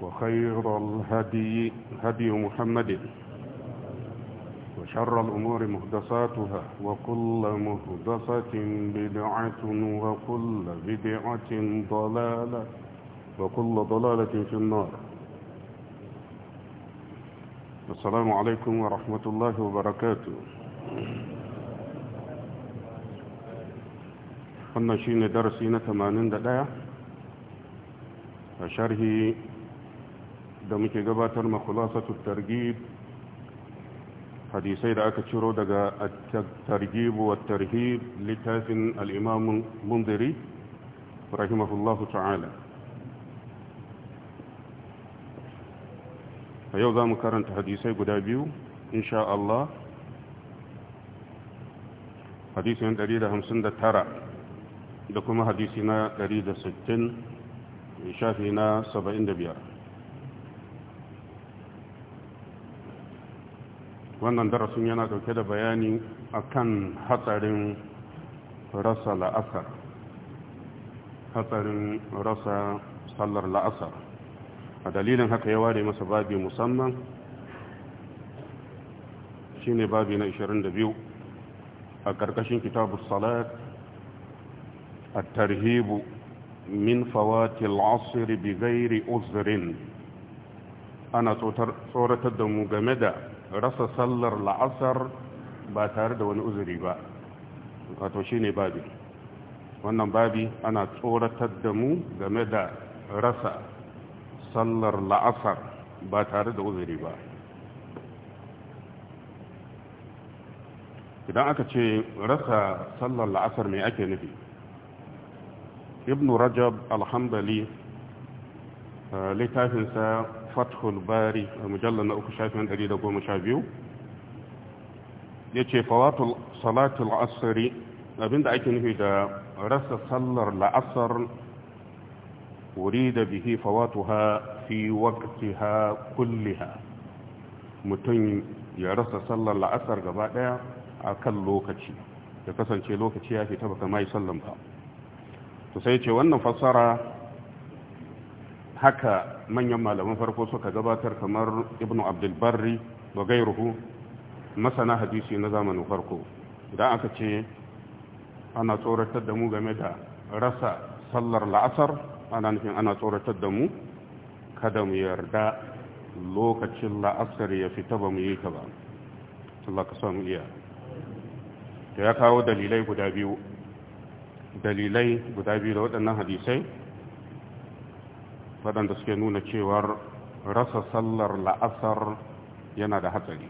وخير الهدي هدي محمد وشر الأمور مهدساتها وكل مهدسة بدعة وكل بدعة ضلالة وكل ضلالة في النار السلام عليكم ورحمة الله وبركاته قلنا shine darasi ثمانين 81 a da muke gabatar ma khulasatu targhib hadisai da aka ciro daga at-targhib wa tarhib littafin al Mundiri, munziri rahimahullahu ta'ala a yau za mu karanta hadisai guda biyu insha Allah hadisin 159 da kuma hadisi na 160 shafi na 75 wannan darasin yana dauke da bayani akan hatsarin rasa la'asar hatsarin rasa sallar la'asar a dalilin haka ya ware masa babi musamman shine babi na 22 a ƙarƙashin kitabu salat a tarhibu min fawatil asiri bi gairi ana tsoratar da mu game da rasa sallar la'asar ba tare da wani uzuri ba wato shi ne babi wannan babi ana tsoratar da mu game da rasa sallar la'asar ba tare da uzuri ba idan aka ce rasa sallar la'asar mai ake nufi ibn rajab alhambali eh, littafinsa fathul bari a mujallar na uku shafin 112 ya ce fawatul salatul asari abinda ake nufi da rasa sallar la'asar wuri da bihi fawatuha fi waqtiha kulliha mutum ya rasa sallar la'asar gaba daya a kan lokaci ya kasance lokaci ya fita baka mai sallan ba to sai ce wannan fassara haka manyan malaman farko suka gabatar kamar ibnu abdulbarri da gairuhu masana hadisi na zamanin farko idan aka ce ana tsoratar da mu game da rasa sallar la'asar ana nufin ana tsoratar da mu kada mu yarda lokacin la'asar ya fita ba mu yi ta ba Allah ka samu iya da ya kawo dalilai guda biyu dalilai guda biyu da waɗannan hadisai waɗanda suke nuna cewar rasa sallar la'asar yana da hatsari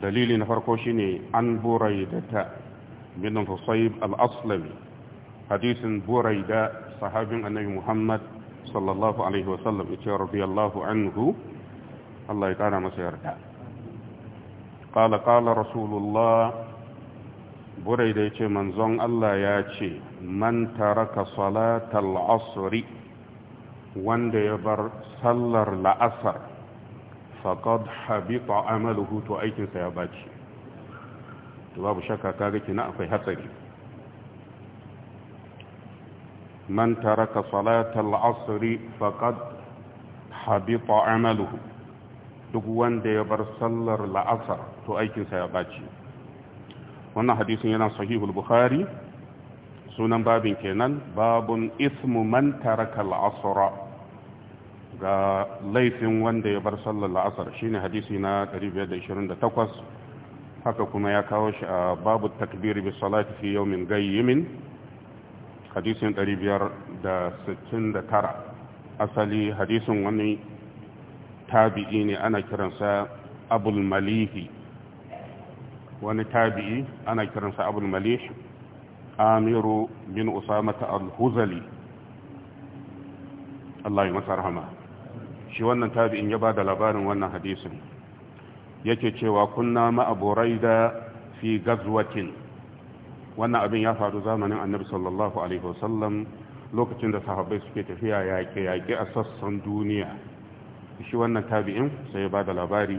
dalili na farko shine an burai da ta al-aslami hadisin burai da sahabin annabi muhammad sallallahu alaihi wasallam ita radiyallahu anhu Allah ya kara masa yarda qala qala rasulullah burai da yace manzon Allah ya ce man taraka salatal asri wanda ya bar sallar la'asar faqad habita amaluhu to aikinsa ya baci to babu shakka kaga kina akwai hatsari man taraka salatal asri duk wanda ya bar sallar la'asar to aikinsa ya baci wannan hadisin yana sahihul bukhari sunan babin kenan babun ismu man taraka al'asra ga laifin wanda ya bar sallar la'asar shine hadisi na 528 haka kuma ya kawo shi a babu takbir bi salati fi yawmin gayyimin hadisin 569 asali hadisin wani tabi'i ne ana kiransa abul malihi wani tabi'i ana kiransa abul malihi amiru bin usamata al-huzali Allah yi masa rahama shi wannan tabi'in ya ba da labarin wannan hadisin yake cewa kunna ma'aburai da fi gazwatin wannan abin ya faru zamanin annabi sallallahu alaihi wasallam lokacin da sahabbai suke tafiya yaƙe-yaƙe a sassan duniya shi wannan tabi'in sai ya ba da labari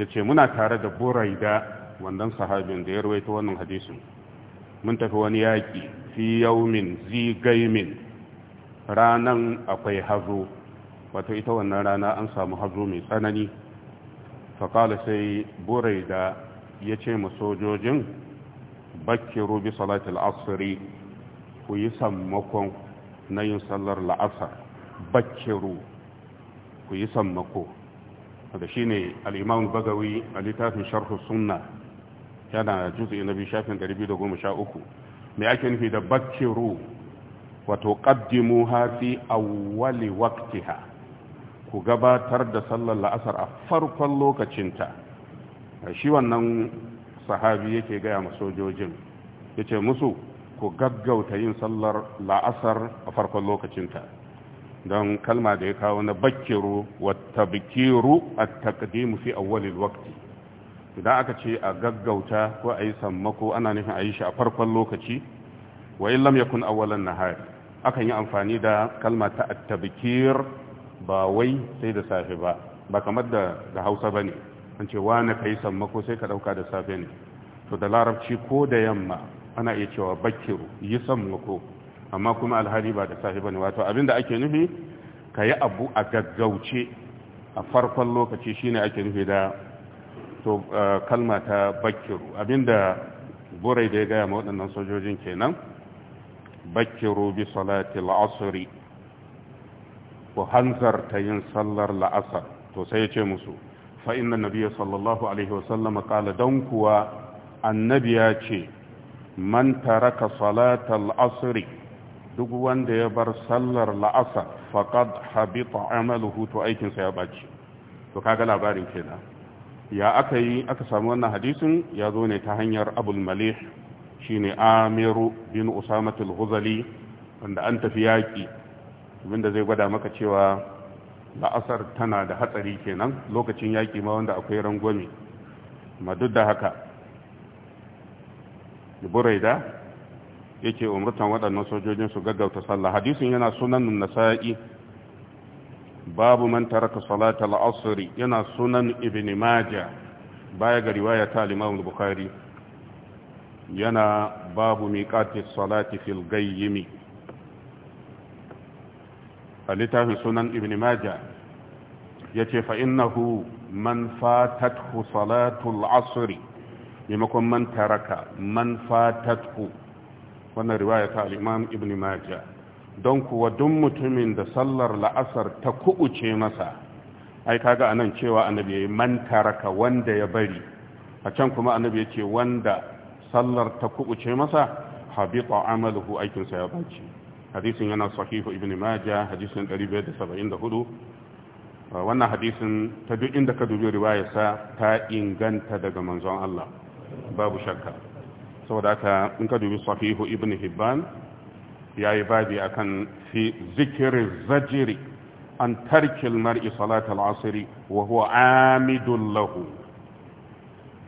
ya ce muna tare da buraida wannan sahabin da ya rawaita wannan hadisin mun tafi wani yaƙi fi yaumin zigaimin ranan akwai hazo wato ita wannan rana an samu hazo mai tsanani faƙala sai burai da ya ce mu sojojin bakiru bi salatul asiri ku yi sammakon na yin sallar la'asar bakiru ku yi sammako da shi ne al'imam bagawi a littafin sharhu sunna yana juzu na biyu shafin 213 mai ake nufi da bakiru wato hafi a wali awwali ha ku gabatar da sallar la'asar a farkon lokacinta shi wannan sahabi yake gaya ma sojojin ce musu ku gaggauta yin sallar la'asar a farkon lokacinta don kalma da ya kawo na bakiru wata bikiru a takadimu fi wali waqti idan aka ce a gaggauta ko a yi sammako ana nufin a yi shi a farkon lokaci wa in lam yakun awwalan nahar akan yi amfani da kalma ta at-tabkir ba wai sai da safe ba ba kamar da da Hausa bane an ce wani kai sammako sai ka dauka da safe ne to da larabci ko da yamma ana iya cewa bakiru yi sammako amma kuma alhari ba da safe bane wato abinda ake nufi kayi abu a gaggauce a farkon lokaci shine ake nufi da to eh, kalma ta bakiru abinda burai da ya gaya ma waɗannan sojojin kenan bakiru bi salati al'asri ku ta yin sallar la'asar to sai ya ce musu fa inna sallallahu alaihi wasallam qala dan kuwa annabi ya ce man taraka salata asri duk wanda ya bar sallar la'asar faqad habita amaluhu to aikin ya baci to kaga labarin kenan ya aka yi aka samu wannan hadisin ya zo ne ta hanyar abul malih shine amiru bin usamatul huzali wanda an tafi yaƙi da zai gwada maka cewa la'asar tana da hatsari kenan lokacin yaƙi ma wanda akwai rangwame ma duk da haka buraida yake umurtan waɗannan sojojin su gaggauta sallah hadisin yana sunan nasa'i babu man taraka salatal asr yana sunan ibn majah baya ga riwaya ta al bukhari yana babu miqati salati fil gayyimi A littafin sunan ibn majah yace fa innahu man fatathu salatul asr maimakon man taraka man fatathu wannan riwaya ta al-imam ibn majah don kuwa duk mutumin da sallar la'asar ta kubuce masa ai kaga anan cewa annabi yayi man taraka wanda ya bari a can kuma annabi yace wanda sallar ta kubuce masa habita amaluhu aikin ya baci hadisin yana sahihu ibn majah hadisin 574 wannan hadisin ta duk inda ka dubi riwayarsa ta inganta daga manzon Allah babu shakka saboda haka in ka dubi sahihu ibn hibban ya yi babi a kan fi zikirin zajiri an tarkil mar'i salatul asiri wa huwa amidun lahu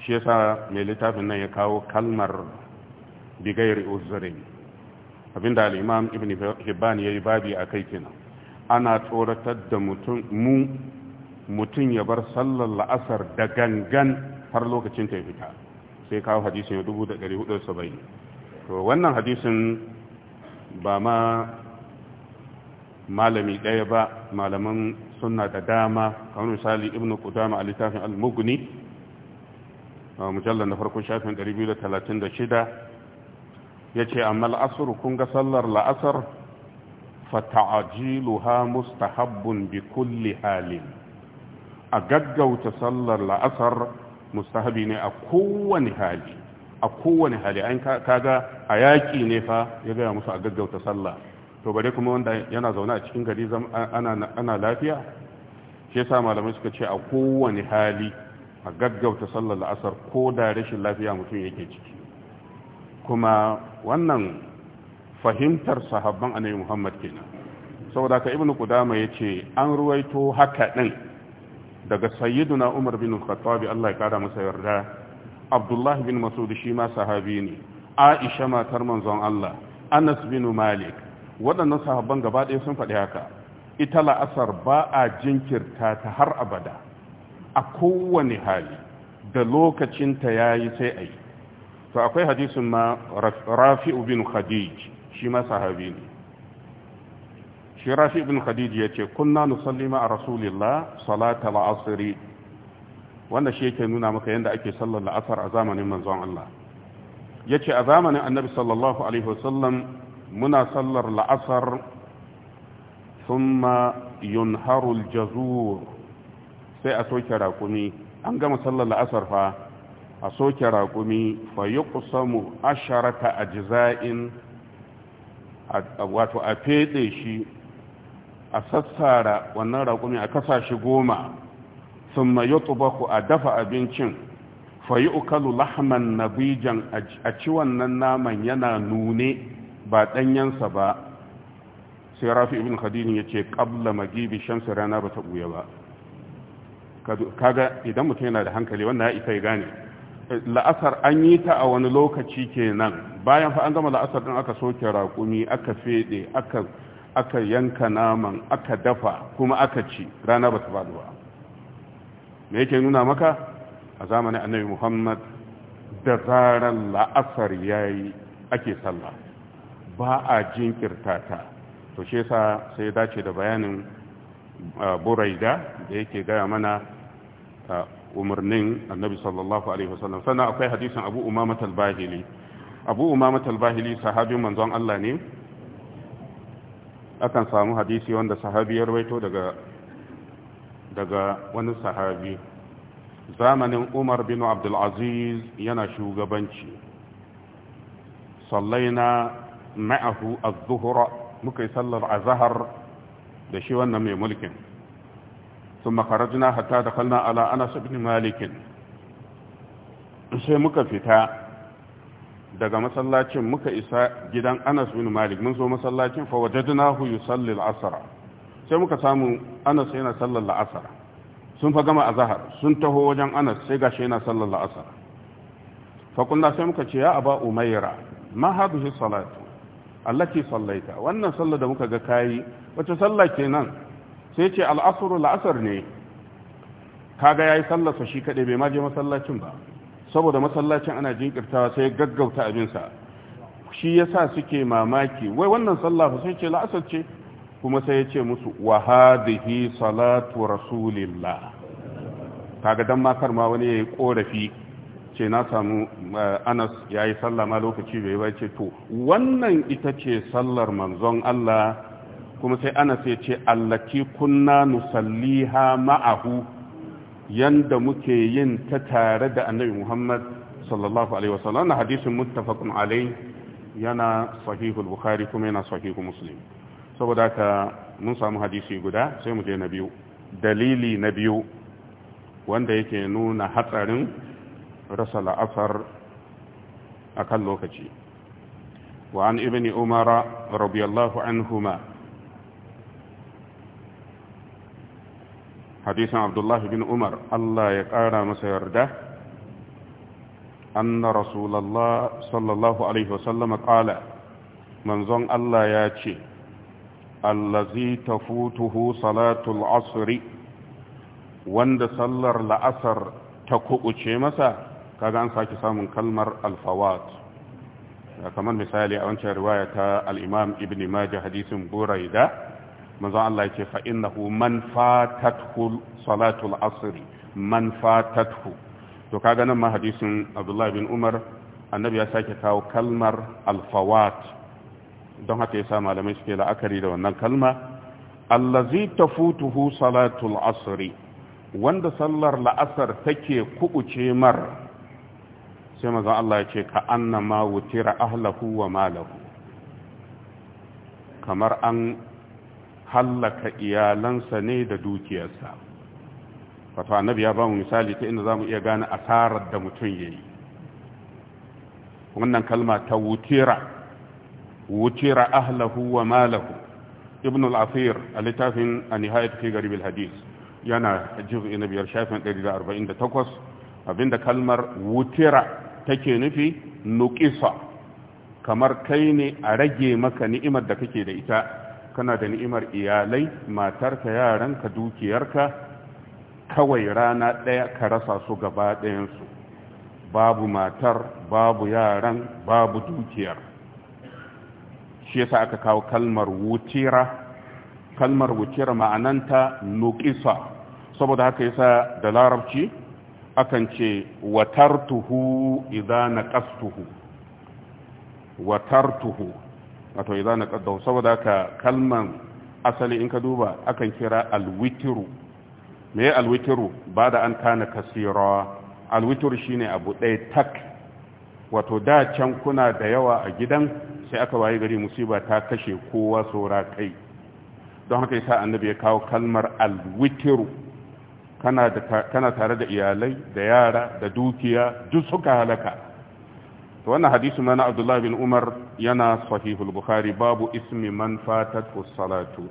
shi yasa mai littafin nan ya kawo kalmar bigayar uzurin abinda al'imam ibn hibban ya yi babi a kai kenan ana tsoratar da mu mutum ya bar sallar la'asar da gangan har lokacin ta fita sai kawo hadisin 1470 to wannan hadisin ba ma malami ɗaya ba malaman suna da dama kamar misali ibn kudama a littafin al-mughni mujallar na farko shafin 236 ya ce amma al'asar kun ga sallar la'asar ha mustahabbun bi kulli halin a gaggauta sallar la'asar mustahabi ne a kowane hali a kowane hali an kaga a yaƙi ne fa ya gaya musu a gaggauta sallah to bare kuma wanda yana zaune a cikin gari ana lafiya shi yasa malamai suka ce a kowane hali a gaggauta sallah la'asar ko da rashin lafiya mutum yake ciki kuma wannan fahimtar sahabban annabi Muhammad kenan saboda ka ibnu ya ce an ruwaito haka din daga sayyiduna Umar bin khattabi Allah ya kara masa yarda abdullahi bin masud shi ma sahabi ne aisha matar manzon Allah anas bin malik waɗannan sahabban gaba ɗaya sun faɗi haka ita la'asar ba a jinkirta ta har abada a kowane hali da lokacinta ya yi sai a yi to akwai hadisun ma rafi'u bin khadij shi ma sahabi ne shi rafi'u bin khadij ya ce kunna nu ma a rasulillah salata la'asiri wanda shi yake nuna maka yadda ake sallar la'asar a zamanin manzon Allah ya ce a zamanin annabi sallallahu alaihi wasallam muna sallar la'asar thumma yunharul jazur sai a soke raƙumi an gama sallar la'asar fa a soke raƙumi fa yi kusamu asharata a jiza'in wato a feɗe shi a sassara wannan raƙumi a kasa shi goma sun mayo tubaku a dafa abincin fayi ukalu lahman nabijan a ci wannan naman yana nune ba ɗanyensa ba sai rafi ibn khadini ya ce ƙabla magibi shamsu rana ba ta buya ba kaga idan mutum yana da hankali wannan ya isa ya gane la'asar an yi ta a wani lokaci kenan bayan fa an gama la'asar din aka soke raƙumi aka fede aka yanka naman aka dafa kuma aka ci rana ba ta faɗi ba me yake nuna maka a zamanin annabi muhammad da zarar la'asar ya yi ake sallah ba a jinkirta ta to shi yasa sai dace da bayanin buraida da yake gaya mana umarnin annabi sallallahu alaihi wasallam sannan akwai hadisin abu umama talbahili abu umama talbahili sahabin manzon Allah ne akan samu hadisi wanda sahabi ya rawaito daga daga wani sahabi zamanin umar bin abdulaziz yana shugabanci sallaina ma'ahu az-zuhra muka yi sallar zahar da shi wannan mai mulkin ثم خرجنا حتى دخلنا على انس بن malikin. sai muka fita daga masallacin muka isa gidan Anas bin Malik mun zo masallacin fa wajadnahu yusalli al-asr sai muka samu anas yana sallar la'asar sun fa gama a zahar sun taho wajen anas sai gashi yana sallar la'asar fakunna sai muka ce ya aba umaira ma shi salatu allaki sallaita wannan sallar da muka ga kayi wace ke nan sai ce al'asar la'asar ne kaga yayi sallar sa shi kaɗai bai ma je masallacin ba saboda masallacin ana jinkirtawa sai gaggauta abinsa shi yasa suke mamaki wai wannan sallah sai ce la'asar ce kuma sai ya ce musu wahadihi salatu rasulillah kaga dan makar ma wani yayi korafi ce na samu eh, Anas yayi sallah ma lokaci bai ba ce to wannan ita ce sallar manzon Allah kuma sai Anas ya ce allati kunna nusalliha ma'ahu yanda muke yin ta tare da Annabi Muhammad sallallahu alaihi wasallam hadisin muttafaqun alaihi yana sahihul bukhari kuma yana sahihu muslim saboda ka mun samu hadisi guda sai mu je na biyu dalili na biyu wanda yake nuna hatsarin rasa la'asar a kan lokaci wa an ibni umara rabiyallahu anhuma hadisan abdullahi bin umar allah ya kara masa yarda أن رسول الله صلى الله عليه وسلم قال منظن الله ياتي allazi tafutuhu salatul asri wanda sallar la'asar ta ce masa kaga an sake samun kalmar alfawat kamar misali a wancan riwaya ta al-imam ibn majah hadisin buraida manzo Allah ce fa innahu man fatathu salatul asr man fatathu to kaga nan ma hadisin Abdullahi bin Umar annabi ya sake kawo kalmar alfawat don haka yasa malamai suke la'akari da wannan kalma allazi tafutuhu salatul asri wanda sallar la'asar take kuɓuce mar sai mazan Allah ya ce ka annama wutira ahlahu wa malahu kamar an hallaka iyalansa ne da dukiyarsa wato annabi ya bamu misali ta inda zamu iya gane asarar da mutum yayi wannan kalma ta wutira وتر ahlahu wa malahu ibn al-asir a littafin غريب الحديث ينا جزء نبي hadis yana juz'i na biyar shafin 148 abinda kalmar wutira take nufi nuqisa kamar kai ne a rage maka ni'imar da kake da ita kana da ni'imar iyalai matarka yaranka dukiyarka kawai rana ɗaya ka rasa su gaba ɗayansu babu matar babu yaran babu dukiyar shi yasa aka kawo kalmar wutira kalmar wutira ma'ananta nuqisa saboda haka yasa da larabci akan ce watartuhu idza naqastuhu watartuhu wato idza naqaddahu saboda haka kalman asali in ka duba akan kira alwitiru me alwitiru ba da an kana kasira alwitiru shine abu ɗaya tak wato da can kuna da yawa a gidan sai aka waye gari musiba ta kashe kowa saura kai don haka yasa annabi ya kawo kalmar alwitiru kana da kana tare da iyalai da yara da dukiya duk suka halaka to wannan hadisi mana Abdullah bin Umar yana sahihul Bukhari babu ismi man fatatu eh, salatu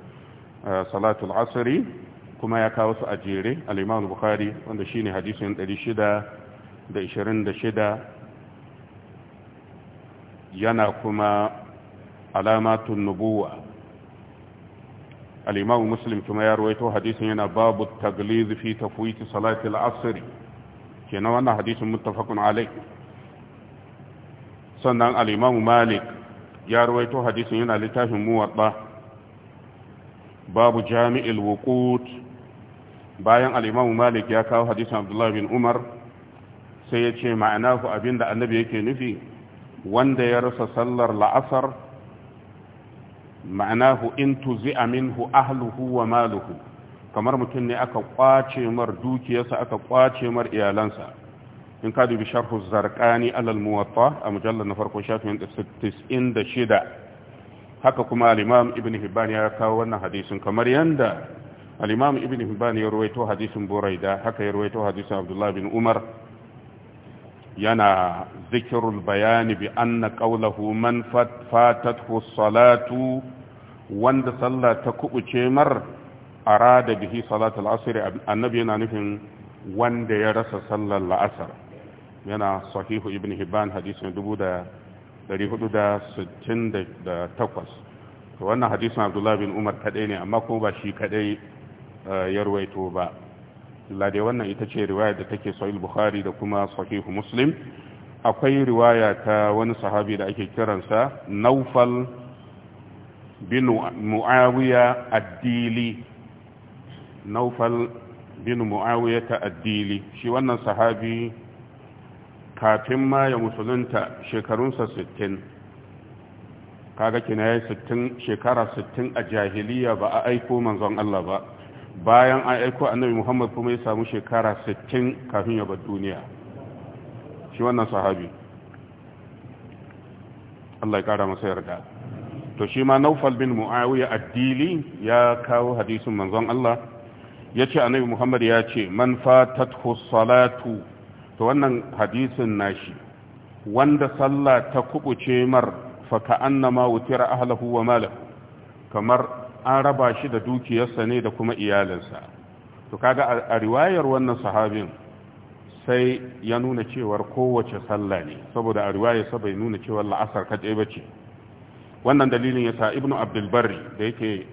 salatu al-asr kuma ya kawo su a jere al-Imam Bukhari wanda shine hadisin 626 yana kuma alamatun nubuwa al'imamu muslim kuma ya ruwaito hadisin yana babu taglizi fi tafwiti salatil asiri ke na wannan hadisin muttafaqun alai sannan al'imamu malik ya ruwaito hadisin yana littafin muwadda babu jami'il wuqut bayan al'imamu malik ya kawo hadisin abdullahi bin umar sai ya ce ma'ana ku abinda annabi yake nufi wanda ya rasa sallar la'asar ma'anahu in tuzi'a minhu ahluhu wa maluhu kamar mutum ne aka kwace mar dukiyarsa aka kwace mar iyalansa in ka dubi sharhu zarqani alal muwatta a mujallar na farko shafin 96 haka kuma al-imam ibn hibban ya kawo wannan hadisin kamar yanda al-imam ibn hibban ya ruwaito hadisin buraida haka ya ruwaito hadisin abdullah bin umar yana zikirul bayani bi anna qawluhu man fatathu salatu wanda sallah ta kubuce mar arada bihi salatul asr annabi yana nufin wanda ya rasa sallar la'asar yana sahihu ibn hibban hadisin 468 wannan hadisin abdullahi bin umar kadai ne amma kuma ba shi kadai eh, ya ruwaito ba illa dai wannan ita ce riwaya da take sahih bukhari da kuma sahih muslim akwai riwaya ta wani sahabi da ake kiransa naufal bin mu'awiya addili naufal bin mu'awiya ta addili shi wannan sahabi kafin ma ya musulunta shekarunsa 60 kaga kina ya 60 shekara 60 a jahiliya ba a aiko manzon Allah ba bayan an aiko annabi muhammad kuma ya samu shekara 60 kafin ya bar duniya shi wannan sahabi Allah ya kara masa yarda to shi ma naufal bin mu'awiya addili ya kawo hadisin manzon Allah ya ce annabi muhammad ya ce man fatathu salatu to wannan hadisin nashi wanda sallah ta kubuce mar fa ka'annama wutira ahlahu wa malahu kamar an raba shi da dukiyarsa ne da kuma iyalinsa to kaga a riwayar wannan sahabin sai ya nuna cewar kowace sallah ne saboda a riwayar sa bai nuna cewar la'asar kaɗai ba ce wannan dalilin ya sa ibnu abdulbari da yake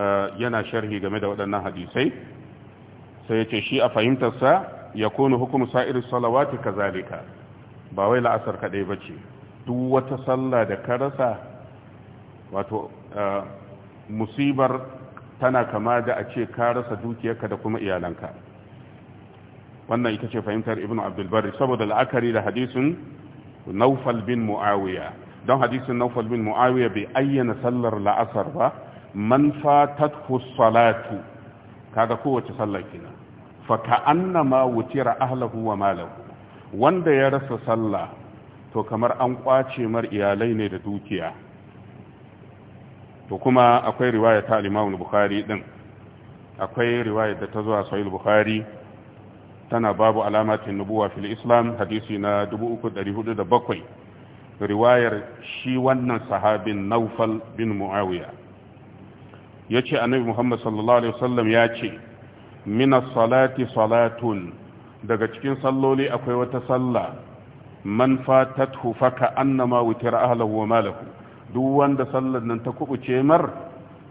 eh, yana sharhi game da waɗannan hadisai sai ya ce shi a fahimtarsa ya kone hukumu sa'ir salawati kazalika ba wai la'asar kaɗai ba ce duk wata sallah da ka rasa wato eh, musibar tana kama da a ce ka rasa dukiyarka da kuma iyalanka wannan ita ce fahimtar ibn abdulbari saboda la'akari da hadisin naufal bin mu'awiya don hadisin naufal bin mu'awiya bai ayyana sallar la'asar ba man fatat salatu kaga kowace sallar kina fa annama wutira ahlahu wa malahu wanda ya rasa sallah to kamar an kwace mar iyalai ne da dukiya to kuma akwai riwaya ta al-Imam bukhari din akwai riwaya da ta zuwa a Sahih bukhari tana babu alamatin nubuwa fil Islam hadisi na 3407 riwayar shi wannan sahabin Naufal bin Muawiya yace Annabi Muhammad sallallahu alaihi wasallam yace min as-salati salatun daga cikin salloli akwai wata sallah man fatathu faka annama witira ahlahu wa malahu duk wanda sallar nan ta kubuce mar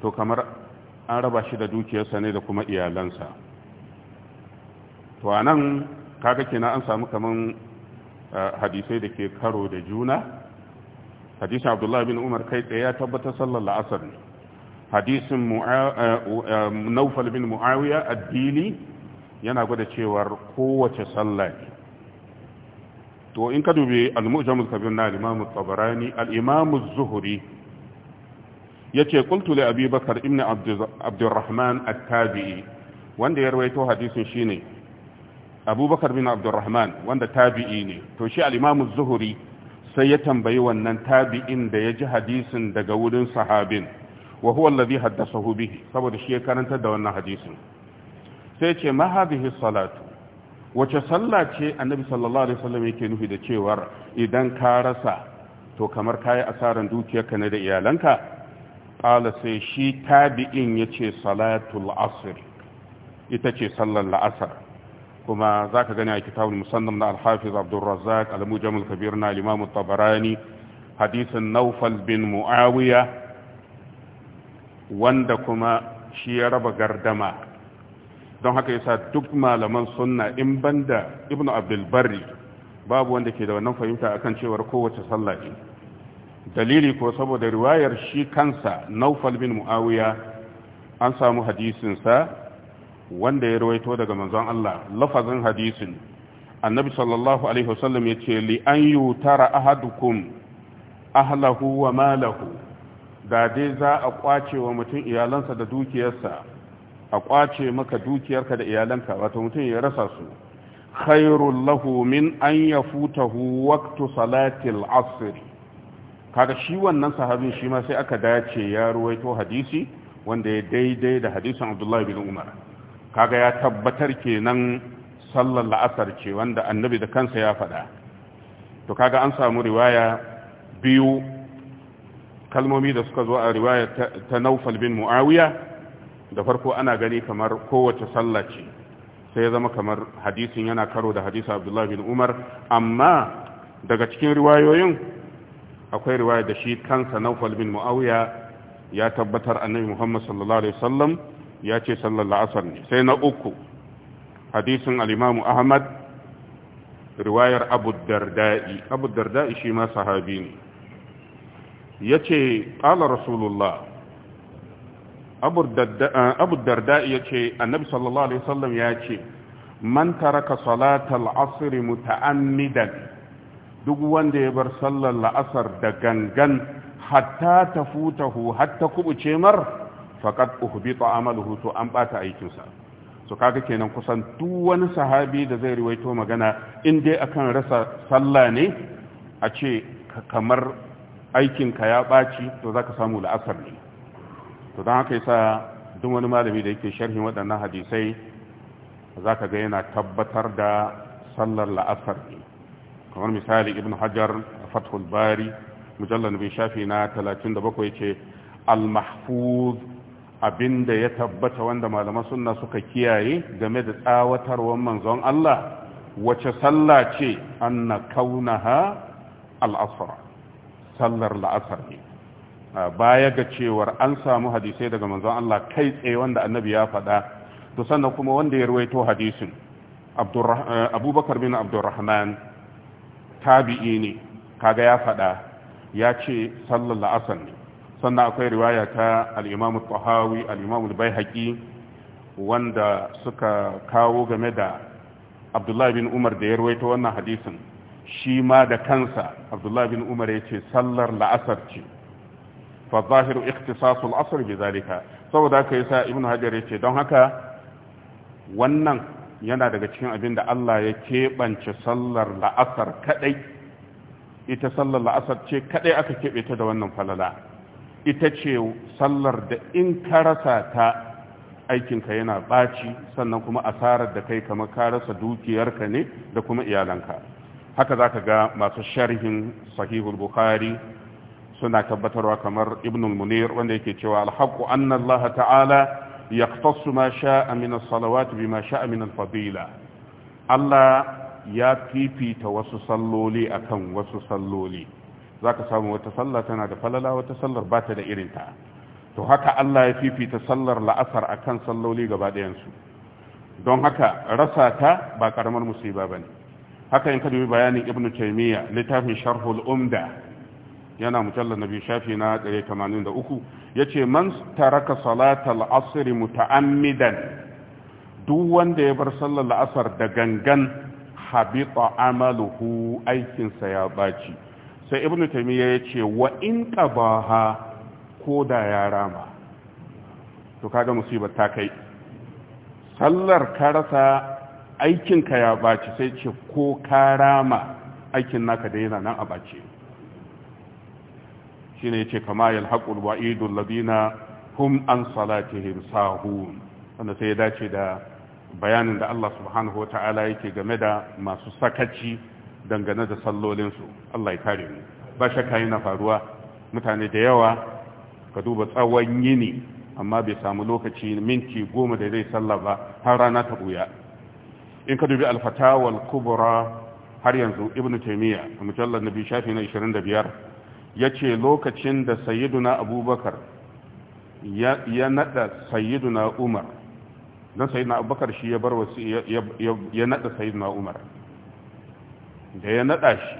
to kamar an raba shi da dukiyarsa ne da kuma iyalansa to a nan kaga kenan an samu kaman eh, hadisai da ke karo da juna hadisi abdullahi bin umar kai tsaye ya tabbatar sallar la'asar ne hadisin eh, eh, naufal bin mu'awiya addini yana gwada cewar kowace sallah to in ka dubi al-mu'jamul kabir na al-imam tabarani al-imam az-zuhri yace qultu li abi bakr ibn abd rahman at-tabi'i wanda ya hadisin shine abubakar bin abdurrahman wanda tabi'i ne to shi al-imam az-zuhri sai ya tambayi wannan tabi'in da ya ji hadisin daga wurin sahabin wa huwa alladhi haddathahu bihi saboda shi ya karanta da wannan hadisin sai ce ma hadhihi salatu wace sallah ce annabi sallallahu alaihi wasallam yake nufi da cewar idan ka rasa to kamar kayi asaran dukiyarka ne da iyalanka qala sai shi tabi'in yace salatul asr ita ce sallar la'asar kuma zaka gani a kitabul musannam na al-hafiz Abdul Razzaq al-Mujam kabir na al-Imam tabarani hadisin Nawfal bin Muawiya wanda kuma shi ya raba gardama don haka yasa duk malaman sunna in banda ibn abdul babu wanda ke da wannan fahimta akan cewar kowace sallah ce dalili ko saboda riwayar shi kansa naufal bin muawiya an samu hadisin sa wanda ya rawaito daga manzon Allah lafazin hadisin annabi sallallahu alaihi wasallam yace li an yutara ahadukum ahlahu wa malahu da dai za a kwace wa mutum iyalansa da dukiyarsa a kwace maka dukiyarka da iyalanka wato mutum ya rasa su khairul lahu min an yafutahu waqtu salatil asr kaga shi wannan sahabin shi ma sai aka dace ya ruwaito hadisi wanda ya daidai da hadisin Abdullah bin Umar kaga ya tabbatar kenan sallar la'asar ce wanda annabi da kansa ya faɗa to kaga an samu riwaya biyu kalmomi da suka zo a riwaya ta Naufal bin Muawiya da farko ana gani kamar kowace sallah ce sai ya zama kamar hadisin yana karo da hadisin abdullahi bin umar amma daga cikin riwayoyin akwai riwaya da shi kansa naufal bin mu'awiya ya tabbatar annabi muhammad sallallahu alaihi wasallam ya ce sallar la'asar ne sai na uku hadisin alimamu ahmad riwayar abu darda'i abu darda'i shi ma sahabi ne ya ce ƙala rasulullah Eh, abu darda ya ce annabi sallallahu alaihi wasallam ya ce man taraka salatal asr muta'ammidan duk wanda ya bar sallar la'asar da gangan hatta tafutahu hatta kubuce mar faqad uhbita amaluhu to an bata aikinsa to kaga kenan kusan duk wani sahabi da zai riwaito magana in dai akan rasa sallah ne a ce kamar aikinka ya ɓaci to zaka samu la'asar ne to don haka yasa duk wani malami da yake sharhin waɗannan hadisai za ka ga yana tabbatar da sallar la'asar ne kamar misali ibn hajar fathul bari mujallar bin shafi na 37 ce al-mahfuz abinda ya tabbata wanda malaman sunna suka kiyaye game da tsawatarwar manzon Allah wace salla ce an na kaunaha al sallar la'asar ne baya ga cewar an samu hadisai daga manzon Allah kai tsaye wanda annabi ya faɗa to sannan kuma wanda ya ruwaito hadisin eh, abubakar bin abdurrahman tabi'i ne kaga ya faɗa ya ce sallar la'asar ne sannan akwai riwaya ta al'imamu tahawi al'imamu bai wanda suka kawo game da abdullahi bin umar da ya ruwaito wannan hadisin shi ma da kansa abdullahi bin umar ya ce sallar la'asar ce fa zahiru ikhtisasul asr bi zalika saboda haka yasa ibnu hajar yace don haka wannan yana daga cikin abin da Allah ya keɓance sallar la'asar kadai ita sallar la'asar ce kadai aka keɓe ta da wannan falala ita ce sallar da in ka rasa ta aikinka yana ɓaci sannan kuma asarar da kai kamar ka rasa dukiyarka ne da kuma iyalanka haka za ka ga masu sharhin sahihul bukhari suna tabbatarwa kamar ibn munir wanda yake cewa alhaqu anna Allah ta'ala yaqtasu ma sha'a min as-salawat bima sha'a min al-fadila Allah ya fifita wasu salloli akan wasu salloli zaka samu wata sallah tana da falala wata sallar bata da irin ta to haka Allah ya fifita sallar la'asar akan salloli gaba ɗayan su don haka rasa ta ba karamar musiba bane haka in ka dubi bayanin ibn taymiya littafin sharhul umda yana mujallar nabi shafi na 183 yace man taraka salatal asr muta'ammidan duk wanda ya bar sallar la'asar da gangan habita amaluhu aikinsa ya baci sai ibnu ya ce wa in qabaha koda ya rama to kaga musibar ta kai sallar ka rasa aikinka ya baci sai ce ko ka rama aikin naka da yana nan a bace shine yace kama haqul wa'idul ladina hum an salatihim sahun wanda sai ya dace da bayanin da Allah subhanahu wa yake game da masu sakaci dangane da sallolin su Allah ya kare mu ba shakka yana faruwa mutane da yawa ka duba tsawon yini amma bai samu lokaci minti goma da zai sallah ba har rana ta buya in ka dubi alfatawal kubra har yanzu ibnu taymiya mujallad nabi shafi na 25 ya ce lokacin da sayiduna abubakar ya nada sayiduna umar don sayiduna abubakar shi ya bar wasu ya nada sayiduna umar da ya nada shi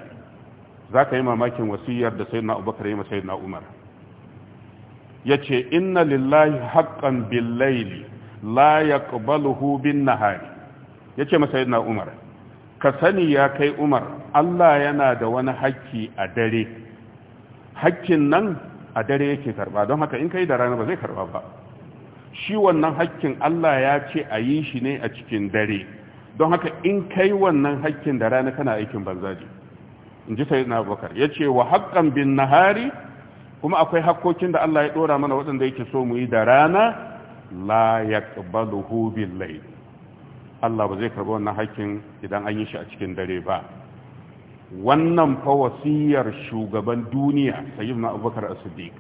za ka yi mamakin wasiyar da sayiduna abubakar ya yi na umar ya ce inna lillahi haƙƙan billaili la ya ƙabaluhu bin nahari ya ce masayiduna umar ka sani ya kai umar allah yana da wani haƙƙi a dare hakkin nan a dare yake karba don haka in kai da rana ba zai karba ba shi wannan hakkin Allah ya ce a yi shi ne a cikin dare don haka in kai wannan hakkin da rana kana aikin banzaji in ji sayyidina abubakar ya ce wa haƙƙan bin nahari kuma akwai hakkokin da Allah ya ɗora mana waɗanda yake so mu yi da rana la yaqbaluhu Allah ba zai karba wannan hakkin idan an yi shi a cikin dare ba wannan fa wasiyar shugaban duniya sayyidina abubakar as-siddiq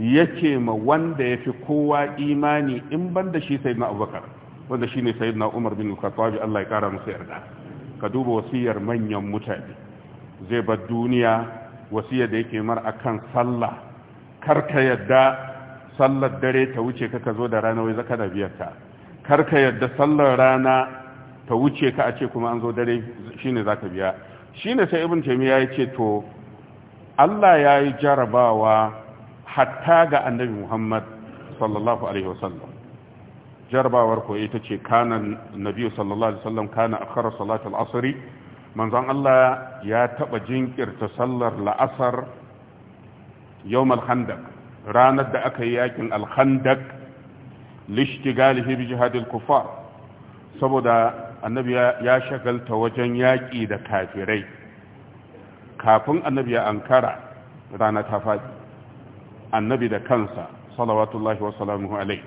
yake ma wanda yafi kowa imani in banda shi sayyidina abubakar wanda shi shine sayyidina umar bin al-khattab Allah ya kara masa yarda ka duba wasiyar manyan mutane zai bar duniya wasiyar da yake mar akan sallah karka yadda sallar dare ta wuce ka ka zo da rana wai zaka da kar karka yadda sallar rana ta wuce ka a ce kuma an zo dare shine zaka biya Shi ne sai ibin taymiya ya ce to Allah ya yi jarabawa hatta ga annabi Muhammad sallallahu alaihi wasallam jarabawar ko ita ce kanan nabi sallallahu alaihi wasallam kana akhara salat al-asr manzon Allah ya taba jinkirta sallar la'asar yawm al-khandaq ranar da aka yi yakin al-khandaq lishtigalihi bi jihad al saboda annabi ya shagalta wajen yaƙi da kafirai kafin annabi ya ankara rana ta faɗi annabi da kansa salawatullahi wa salamuhu alai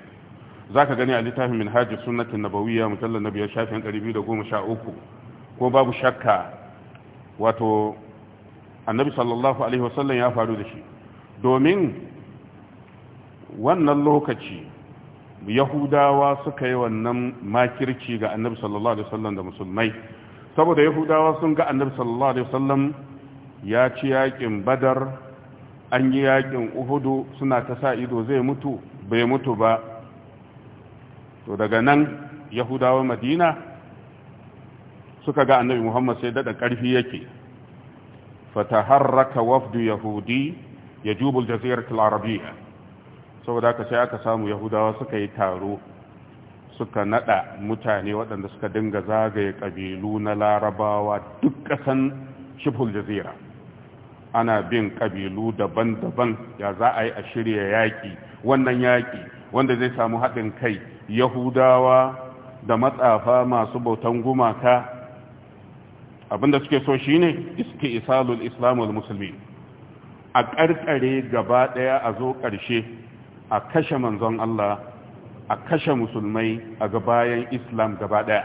za ka gani a littafin min hajji sunnatin nabawiyya mujallar na biyar shafin 213 ko babu shakka wato annabi sallallahu alaihi wasallam ya faru da shi domin wannan lokaci yahudawa suka yi wannan makirci ga annabi sallallahu alaihi wasallam da musulmai saboda yahudawa sun ga annabi sallallahu alaihi wasallam ya ci yakin badar an yi yakin uhudu suna ta sa ido zai mutu bai mutu ba to daga nan yahudawa madina suka ga annabi muhammad sai dada karfi yake fataharraka wafdu yahudi ya jubul jaziratul arabiyya saboda aka sai aka samu yahudawa suka yi taro suka nada mutane waɗanda suka dinga zagaye ƙabilu na larabawa duk ƙasan shibhul jazira ana bin ƙabilu daban-daban ya za a yi a shirya yaƙi wannan yaƙi wanda zai samu haɗin kai yahudawa da matsafa masu bautan gumaka abinda suke so shi ne iske isalul islamul musulmi a ƙarƙare gaba ɗaya a zo ƙarshe a kashe manzon Allah a kashe musulmai a gabayan islam gaba ɗaya.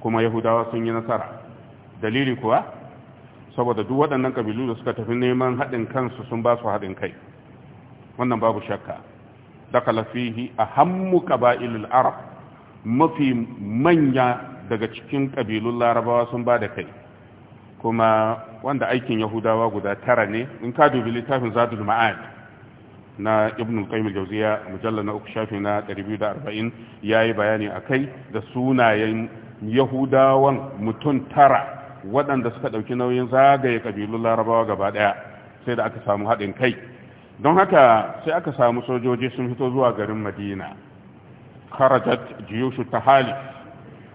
kuma yahudawa sun yi nasara dalili kuwa saboda duk waɗannan kabilu da suka tafi neman haɗin kansu sun ba su haɗin kai wannan babu shakka dakala fihi ahammu qaba'ilil arab mafi manya daga cikin kabilun larabawa sun ba da kai kuma wanda aikin yahudawa guda tara ne in ka dubi littafin zadul ma'ad na ibn al-qayyim al-jawziya mujallal na uku shafi na 240 yayi bayani akai da sunayen yahudawan mutun tara waɗanda suka dauki nauyin zagaye kabilun larabawa gaba daya sai da aka samu haɗin kai don haka sai aka samu sojoji sun fito zuwa garin madina kharajat jiyushu tahalif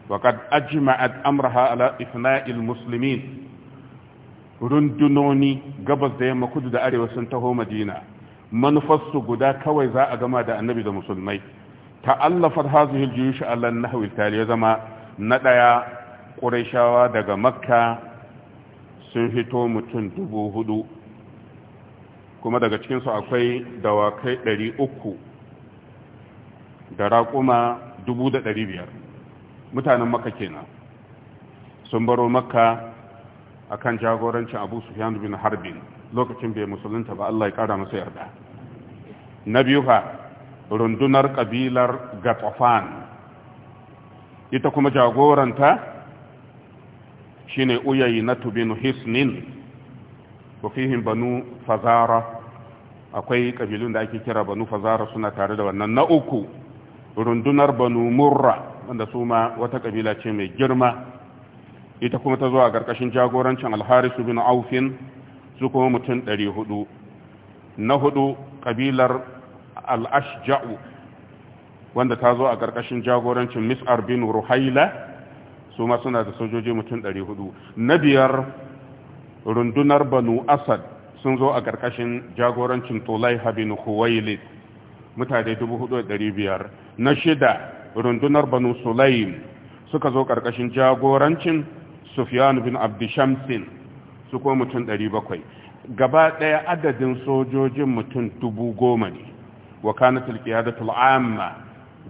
وقد أجمعت أمرها على إثناء المسلمين rundunoni gabas da yamma kudu da arewa sun taho madina manufarsu guda kawai za a gama da annabi da musulmai ta hazihi al-juyush ala nahwi tali ya zama na ɗaya shawa daga makka sun fito mutum dubu hudu kuma daga cikinsu akwai dawakai uku da raƙuma dubu da biyar. mutanen makka kenan sun baro makka akan jagorancin abu sufyan bin harbin lokacin bai musulunta ba Allah ya kara masa yarda na biyu fa rundunar kabilar gatsafan ita kuma jagoranta shine uyayi na tubinu hisnin wa fihim banu fazara akwai kabilun da ake kira banu fazara suna tare da wannan na uku rundunar banu murra wanda su ma wata kabila ce mai girma ita kuma ta zo a ƙarƙashin jagorancin alharisu bin aufin su kuma mutum ɗari hudu na hudu ƙabilar al'ashja'u wanda ta zo a ƙarƙashin jagorancin mis'ar bin ruhaila su ma suna da sojoji mutum ɗari hudu na biyar rundunar banu asad sun zo a ƙarƙashin jagorancin tulaiha bin huwailid mutane dubu hudu da ɗari biyar na shida rundunar banu sulaim suka zo ƙarƙashin jagorancin sufyan bin abdishamsin su kuma mutum 700 gaba ɗaya adadin sojojin mutum dubu goma ne wa kanatul da amma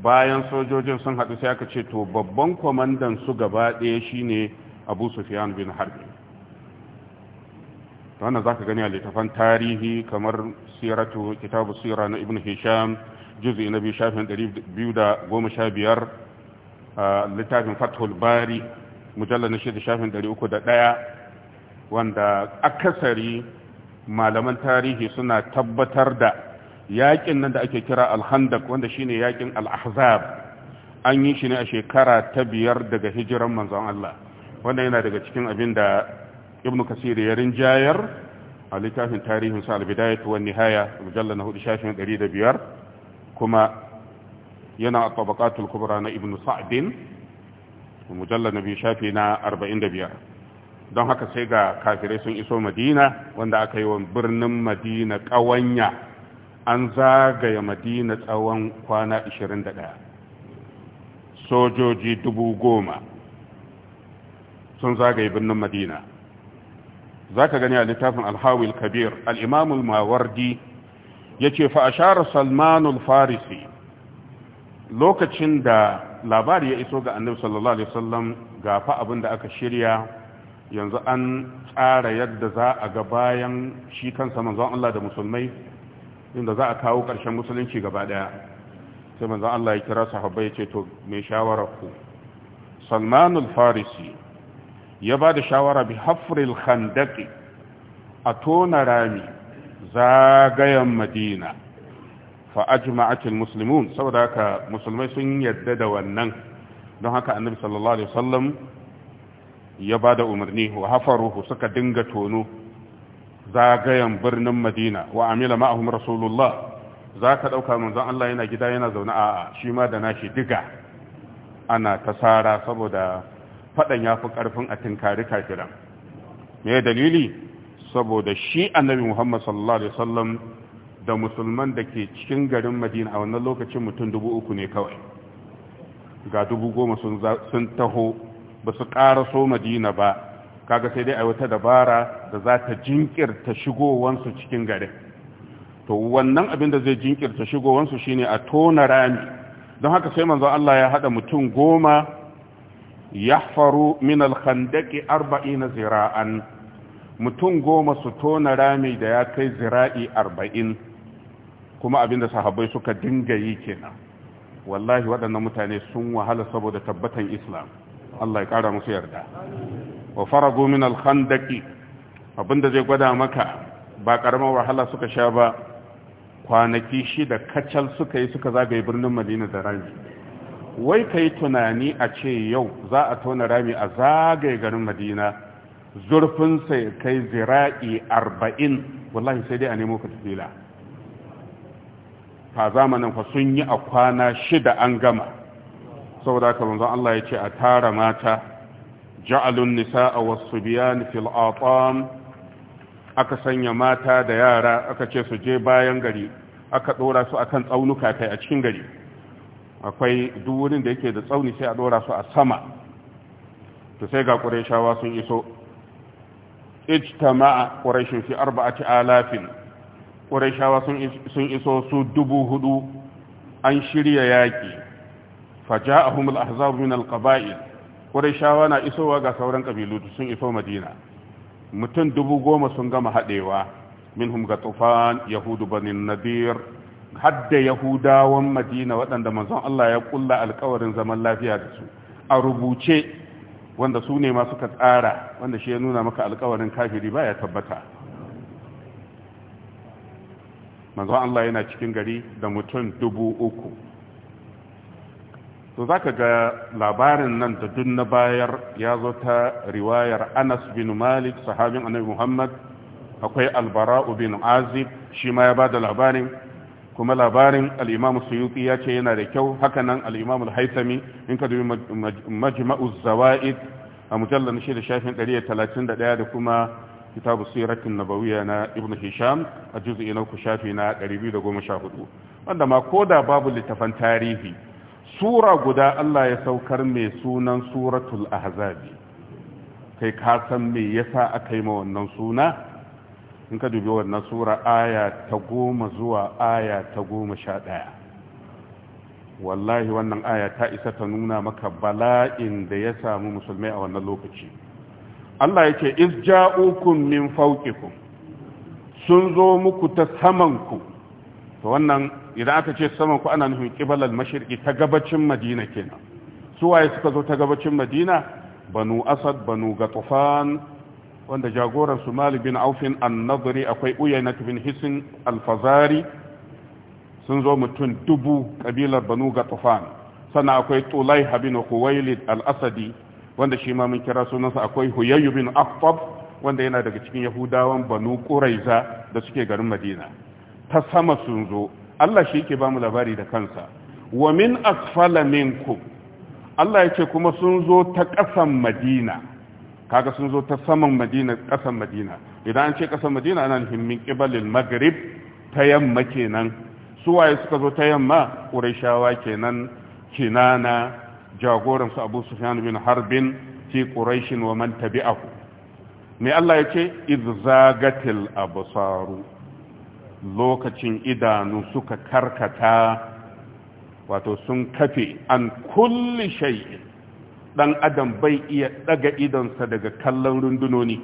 bayan sojojin sun haɗu sai aka ce to babban kwamandan su gaba ɗaya shine Abu Sufyan bin Harbi wannan zaka gani a littafan tarihi kamar siratu kitabu sira na Ibn Hisham juz'i na biyu shafin 215 littafin Fathul Bari mujallal na shida shafin 301 wanda akasari malaman tarihi suna tabbatar da yakin nan da ake kira alhandak wanda shine yakin al-ahzab an yi shi ne a shekara ta biyar daga hijiran manzon Allah wannan yana daga cikin abin da ibnu kasir ya rinjayar a littafin tarihin sa al-bidayah wa nihaya mujallal na 4 shafin kuma yana a tabaqatul kubra na ibnu sa'd mujallal na shafi na 45 don haka sai ga kafirai sun iso madina wanda aka yi wa birnin madina ƙawanya an zagaya madina tsawon kwana 21 sojoji dubu sun zagaye birnin madina za ka gani a littafin alhawil kabir al'imamul mawardi ya ce fa fa'ashar salmanul farisi lokacin da labari ya iso ga annabi sallallahu alaihi wasallam ga fa abin da aka shirya yanzu an tsara yadda za a ga bayan shi kansa manzon Allah da musulmai inda za a kawo ƙarshen musulunci gaba ɗaya sai manzon Allah ya kira sahabbai ya ce to mai shawarar ku salmanul farisi ya ba da shawara bi hafril khandaqi a tona rami zagayen madina fa ajma'atil muslimun saboda haka musulmai sun yadda da wannan don haka annabi sallallahu alaihi wasallam ya ba da umarni wa hafaruhu suka dinga tono zagayen birnin madina wa amila ma'ahum rasulullah za ka ɗauka manzon Allah yana gida yana zaune a shi ma da nashi diga ana tasara saboda faɗan ya fi ƙarfin a tinkari kafira me dalili saboda shi annabi muhammad sallallahu alaihi wasallam da musulman da ke cikin garin madina a wannan lokacin mutum dubu uku ne kawai ga dubu goma sun taho ba su ƙaraso madina ba kaga sai dai a wata dabara da za ta jinkirta shigowansu cikin gare to wannan abin da zai jinkirta shigowansu shine a tona rami don haka sai manzo Allah ya haɗa mutum goma yahfaru min al-khandaqi 40 zira'an mutum goma su tona rami da ya kai zira'i arba'in kuma abin da sahabbai suka dinga yi kenan wallahi waɗannan mutane sun wahala saboda tabbatan islam Allah ya kara musu yarda wa faragu min al abinda zai gwada maka ba karamar wahala suka sha ba kwanaki shi da kacal suka yi suka zagaye birnin Madina da rami wai kai tunani a ce yau za a tona rami a zagaye garin Madina zurfin ya kai zira'i arba'in. wallahi sai dai a nemo ka tafila fa zamanin fa sun yi a kwana shida an gama saboda haka manzon Allah ya ce a tara mata ja'alun nisa'a was-subyan fil atam aka sanya mata da yara aka ce su je bayan gari aka dora su akan tsaunuka kai a cikin gari akwai duk da yake da tsauni sai a dora su a sama to sai ga qurayshawa sun iso ijtama'a fi arba'ati alafin qurayshawa sun iso su dubu hudu an shirya yaki humul فجاءهم الأحزاب من القبائل shawa na isowa ga sauran kabilu sun iso Madina mutum dubu goma sun gama haɗewa minhum ga tufan yahudu banin nadir hadda yahudawan Madina waɗanda manzon Allah ya kulla alƙawarin zaman lafiya da su a rubuce wanda su ne ma suka tsara wanda shi ya nuna maka alƙawarin kafiri baya tabbata manzon Allah yana cikin gari da mutum dubu uku to za ka ga labarin nan da duk na bayar ya zo ta riwayar anas bin malik sahabin annabi muhammad akwai albara'u bin azib shi ma ya ba da labarin kuma labarin al'imamu suyuti ya ce yana da kyau hakanan al'imamu haitami in ka dubi majma'u zawa'id a mujallar na shida shafin 131 da kuma kitabu siratin nabawiya na ibn hisham a juzu'i na uku shafi na 214 wanda ma ko da babu littafan tarihi sura guda Allah ya saukar mai sunan suratul ahzabi kai ka san me yasa aka yi ma wannan suna in ka dubi wannan sura aya ta goma zuwa aya ta goma sha ɗaya wallahi wannan aya ta isa ta nuna maka bala'in da ya samu musulmai a wannan lokaci Allah yake iz min fawqikum sun zo muku ta samanku to wannan idan aka ce saman ku ana nufin kibalar mashirki ta gabacin madina kenan su waye suka zo ta gabacin madina banu asad banu gatufan wanda jagoran su malik bin aufin annadri akwai uyaynat bin hisin alfazari sun zo mutum dubu kabilar banu gatufan sannan akwai Tulai, bin huwailid al-asadi wanda shi ma mun kira sunansa akwai huyayyu bin aqtab wanda yana daga cikin yahudawan banu quraiza da suke garin madina ta sama sun zo Allah shi yake ba mu labari da kansa wa min asfala minkum Allah yake kuma sun zo ta ƙasan Madina kaga sun zo ta saman Madina ƙasan Madina idan an ce ƙasan Madina ana nufin min qibalil maghrib ta yamma kenan su waye suka zo ta yamma Qurayshawa kenan kinana jagoran su Abu Sufyan bin Harbin fi Quraysh wa man tabi'ahu me Allah yake iz zagatil absaru lokacin idanu suka karkata wato sun kafe an kulli shay'in dan adam bai iya daga idonsa daga kallon rundunoni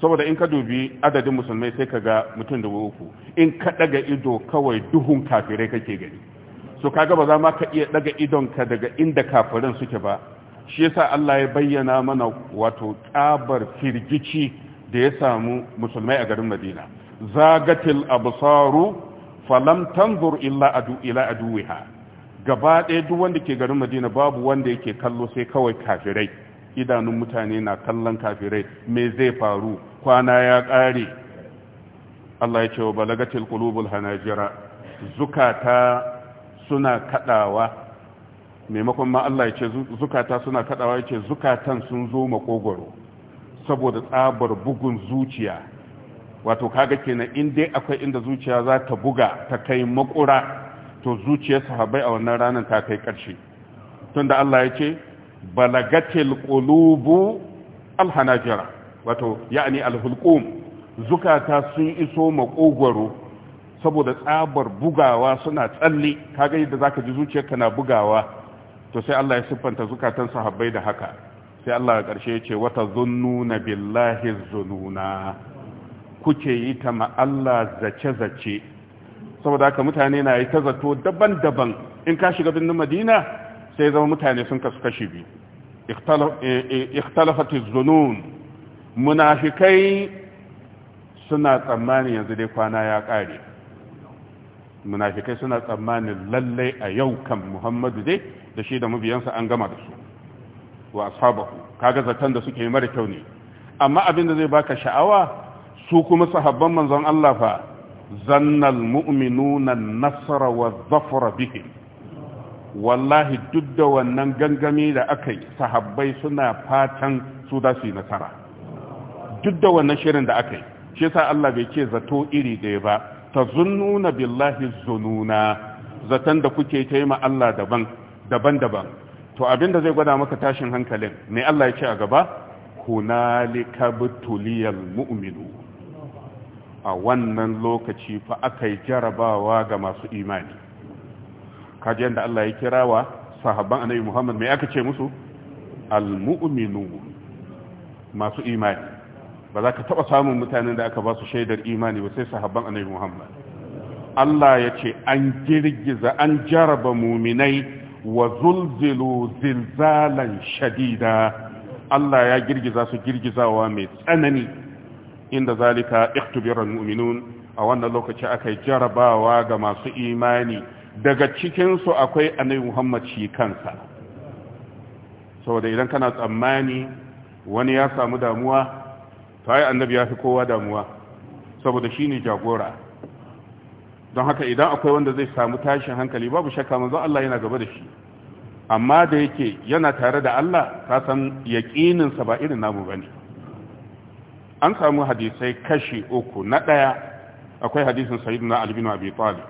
saboda in ka dubi adadin musulmai sai ka ga mutum da uku in ka daga ido kawai duhun kafirai kake gani so kaga ba za ma ka iya daga idonka daga inda kafirin suke ba shi yasa Allah ya bayyana mana wato tsabar firgici da ya samu musulmai a garin Madina zagatil absaru falam tanzur illa adu ila aduwiha gaba ɗaya duk wanda ke garin madina babu wanda yake kallo sai kawai kafirai idanun mutane na kallon kafirai me zai faru kwana ya ƙare Allah ya ce wa balagatil qulubul hanajira zukata suna kadawa maimakon ma Allah ya ce zukata suna kadawa ya ce zukatan sun zo makogoro saboda tsabar bugun zuciya wato kaga kenan in dai akwai inda zuciya za ta buga ta kai makura to zuciyar sahabbai a wannan ranar ta kai ƙarshe tunda Allah ya ce balagatil qulubu alhanajira wato ya'ani alhulqum zukata sun iso makogwaro saboda tsabar bugawa suna tsalle kaga yadda zaka ji zuciyarka na bugawa to sai Allah ya siffanta zukatan sahabbai da haka sai Allah ya ƙarshe ya ce wata zunnuna billahi zununa kuke yi ta ma'alla zace-zace saboda haka mutane na yi ta zato daban-daban in ka shiga birnin madina sai zama mutane sun kasu kashi biyu e- e- ikhtalafatis zunun munafikai suna tsammanin yanzu dai kwana ya ƙare munafikai suna tsammanin lallai a yau kan muhammadu dai da shi da mabiyansa an gama da su wa ashabahu kaga zaton da suke mara kyau ne amma abin da zai baka sha'awa su kuma sahabban manzon Allah fa zannal mu'minuna nasara wa zafara bihim wallahi duk da wannan gangami da aka yi sahabbai suna fatan su da su yi nasara duk da wannan shirin da aka yi shi yasa Allah bai ce zato iri ɗaya ba tazunnuna billahi zununa zaton da kuke ta ma Allah daban daban daban to abinda zai gwada maka tashin hankalin me Allah ya ce a gaba hunalika butuliyal mu'minu a wannan lokaci fa aka yi jarabawa ga masu imani kaji yadda Allah ya wa sahabban annabi Muhammad mai aka ce musu almu'minu masu imani ba za ka taɓa samun mutanen da aka ba su shaidar imani ba sai sahabban annabi Muhammad Allah ya ce an girgiza an jaraba muminai wa zulzilu zilzalan shadida Allah ya girgiza su girgizawa mai tsanani inda zalika iktubiral mu'minun a wannan lokaci akai jarabawa ga masu imani daga cikinsu akwai annabi Muhammad shi kansa saboda idan kana tsammani wani ya samu damuwa to ai annabi ya fi kowa damuwa saboda shine jagora don haka idan akwai wanda zai samu tashin hankali babu shakka manzo Allah yana gaba da shi amma da yake yana tare da Allah ka san yaqininsa ba irin namu bane an samu hadisai kashi uku na ɗaya akwai hadisin sayyidina ali bin abi talib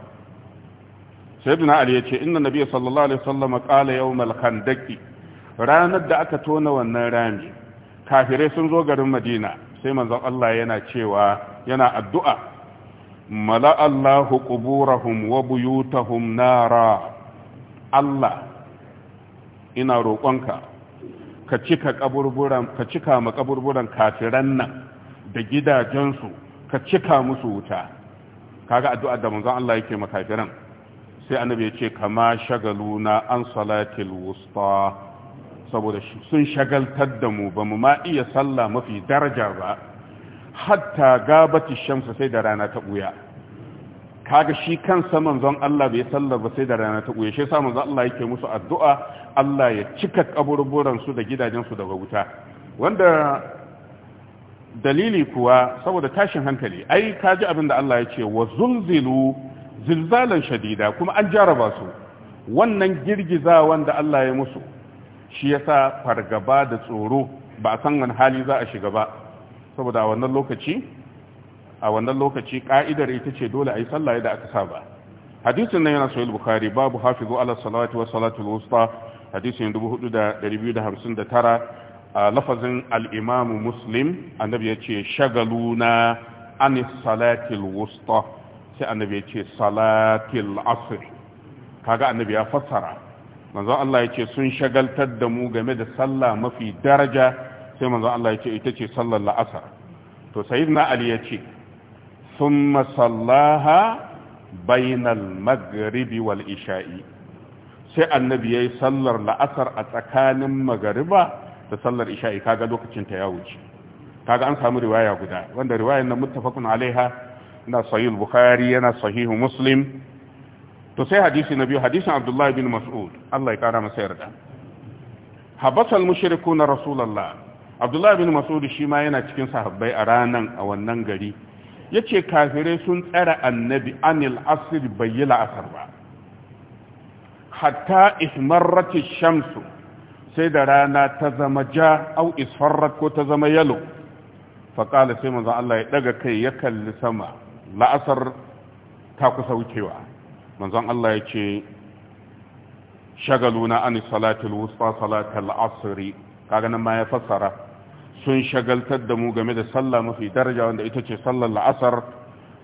sayyidina ali yace inna nabiyyi sallallahu alaihi wasallam qala yawmal khandaqi ranar da aka tona wannan rami kafirai sun zo garin madina sai manzon Allah yana cewa yana addu'a mala Allahu quburahum wa buyutahum nara Allah ina roƙonka ka cika kaburburan ka cika ma kaburburan kafiran nan da gidajensu ka cika musu wuta kaga addu'ar da manzon Allah yake makafiran sai annabi ya ce kama shagaluna an salatil wusta saboda sun shagaltar da mu ba mu ma iya sallah mafi daraja ba hatta gabati shamsu sai da rana ta buya kaga shi kansa manzon Allah bai sallar ba sai da rana ta buya shi yasa manzon Allah yake musu addu'a Allah ya cika kaburburan su da gidajen su daga wuta wanda dalili kuwa saboda tashin hankali ai ka ji abin da Allah ya ce wa zulzilu zilzalan shadida kuma an jaraba su wannan girgizawan da Allah ya musu shi yasa fargaba da tsoro ba a san wani hali za a shiga ba saboda a wannan lokaci a wannan lokaci ka'idar ita ce dole a yi sallah da aka saba hadisin nan yana sahih bukhari babu hafizu ala salati wa salatul wusta hadisin 4259 a lafazin al'imamu muslim annabi ya ce shagaluna an salatil wusta sai annabi ya ce salatil asir kaga annabi ya fassara manzo Allah ya ce sun shagaltar da mu game da sallah mafi daraja sai manzo Allah ya ce ita ce sallar la'asar to sayyidina ali ya ce thumma sallaha bainal maghribi wal isha'i sai annabi yayi sallar la'asar a tsakanin magariba da sallar isha'i kaga lokacin ta ya wuce kaga an samu riwaya guda wanda riwayar nan muttafaqun alaiha na sahih bukhari yana sahih muslim to sai hadisi na biyu hadisin abdullahi bin mas'ud Allah ya kara masa yarda habasal mushrikuna rasulullah abdullahi bin mas'ud shi ma yana cikin sahabbai a ranan a wannan gari yace kafirai sun tsara annabi anil asr bayyila la'asar ba hatta ihmarrat ash-shamsu sai da rana ta zama ja au isfarrat ko ta zama yalo faƙala sai manzon Allah ya ɗaga kai ya kalli sama la'asar ta kusa wucewa manzon Allah ya ce shagaluna an salatul wusta salatul asri kaga nan ma ya fassara sun shagaltar da mu game da sallah mafi daraja wanda ita ce sallar la'asar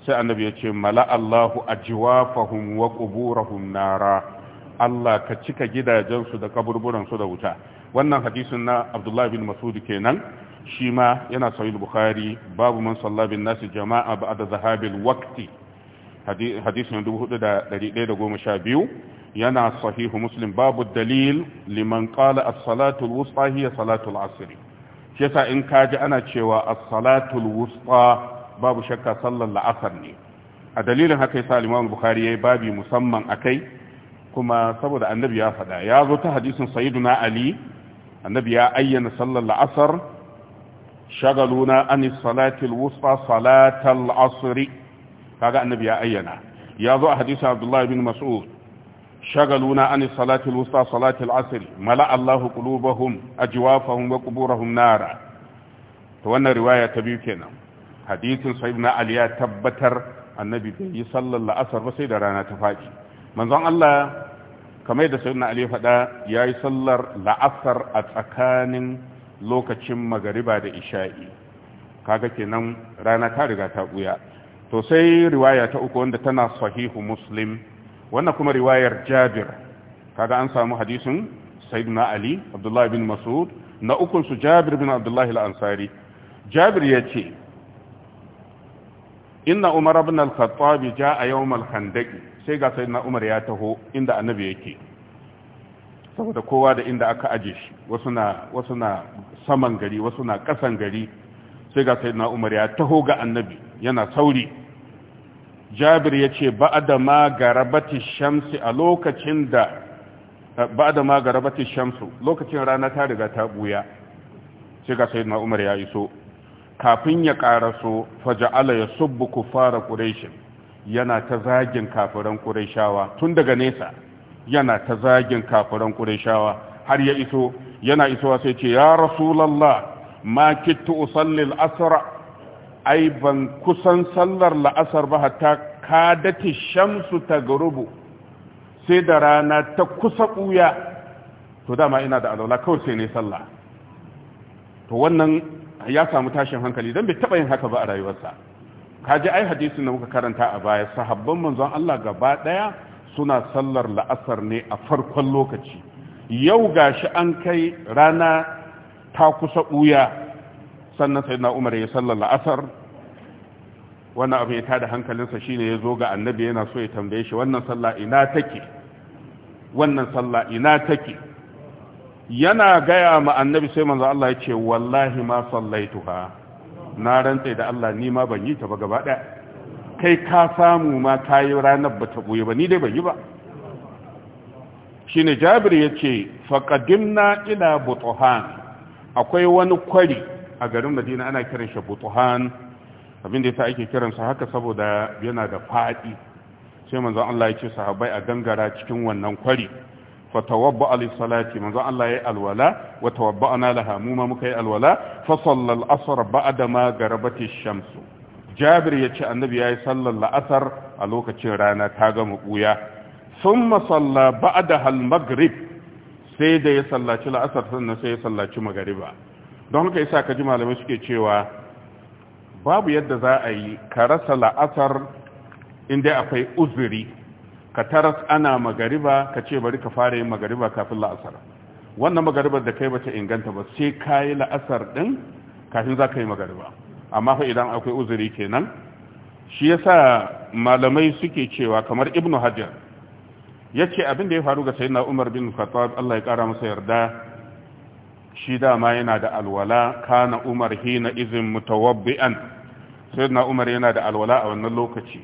sai annabi ya ce mala Allahu ajwafahum wa quburahum nara Allah ka cika gidajensu da kaburburansu da wuta wannan hadisin na Abdullah bin Mas'ud kenan shi ma yana sahih Bukhari babu man salla bin nasi jama'a ba'da zahabil waqti hadisin 4112 yana sahihu Muslim babu dalil liman qala as-salatu al-wusta hiya salatu al-asr shi yasa in kaji ana cewa as-salatu al-wusta babu shakka sallar la'asar ne a dalilin haka yasa Imam Bukhari yayi babi musamman akai kuma saboda annabi ya faɗa ya zo ta hadisin sayyiduna ali annabi ya ayyana sallar la'asar shagaluna an salatil wusta salatal asri kaga annabi ya ayyana ya zo a hadisin abdullahi bin mas'ud shagaluna an salatil wusta salatal asri mala allahu qulubahum ajwafahum wa quburahum nara to wannan riwaya ta biyu kenan hadisin sayyiduna ali ya tabbatar annabi bai yi sallar la'asar ba sai da rana ta faɗi manzon Allah kamar da sayyidina Ali faɗa yayi sallar la'asar a tsakanin lokacin magariba da isha'i kaga kenan rana ta riga ta buya to sai riwaya ta uku wanda tana sahihu muslim wannan kuma riwayar Jabir kaga an samu hadisin sayyidina Ali Abdullah bin Mas'ud na ukun su Jabir bin Abdullah al-Ansari Jabir yace inna Umar ibn al-Khattab jaa yawm al-Khandaq sai ga sayyidina umar ya taho inda annabi yake saboda kowa da inda aka aje shi wasu na wasu na saman gari wasu na kasan gari sai ga sayyidina umar ya taho ga annabi yana sauri jabir ya ce ba'da ma garabati shamsi a lokacin da ba'da ma garabati shamsu lokacin rana ta riga ta buya sai ga sayyidina umar ya iso kafin ya karaso faja'ala yasubbu kufara quraish yana ta zagin kafiran ƙurayshawa tun daga nesa yana ta zagin kafiran ƙurayshawa har ya iso yana isowa sai ce ya rasulallah ma kitu usalli al'asra ai ban kusan sallar la'asar ba hatta kadati shamsu ta garubu sai da rana ta kusa ƙuya to dama ina da alaula kawai sai ne sallah to wannan ya samu tashin hankali don bai taɓa yin haka ba a rayuwarsa Ka ji ai hadisin da muka karanta a baya sahabban manzon Allah gaba daya suna sallar la'asar ne a farkon lokaci yau gashi an kai rana ta kusa buya sannan sayyidina Umar ya sallar la'asar wannan abu ya tada hankalinsa shine ya zo ga annabi yana so ya tambaye shi wannan sallah ina take wannan sallah ina take yana gaya ma annabi sai manzo Allah ya ce wallahi ma sallaituha na rantse da Allah ni ma ban yi ta ba gaba ɗaya kai ka samu ma ta yi ranar ba ta ɓoye ba ni dai ban yi ba shi ne jabir ya ce faƙadimna ina butuhan akwai wani kwari a garin madina ana kiran shi butuhan abinda ya sa ake kiransa haka saboda yana da faɗi sai manzon Allah ya ce sahabbai a gangara cikin wannan kwari fa tawabba li salati manzo Allah yayi alwala wa tawabba'na laha mu ma muka yi alwala fa sallal asr ba'da ma garabati shamsu jabir ya annabi yayi sallar la'asar a lokacin rana ta gama buya thumma salla ba'da al maghrib sai da ya sallaci la'asar sannan sai ya sallaci magariba don haka yasa kaji malamai suke cewa babu yadda za a yi ka rasa la'asar inda akwai uzuri ka taras ana magariba ka ce bari ka fara yin magariba kafin la'asar wannan magaribar da kai bata inganta ba sai ka yi la'asar din kafin za ka yi magariba amma fa idan akwai uzuri kenan shi yasa malamai suke cewa kamar ibnu hajar ya ce abin da ya faru ga sayyidina umar bin khattab Allah ya kara masa yarda shi dama yana da alwala kana umar hina izin mutawabbi'an sayyidina umar yana da alwala a wannan lokaci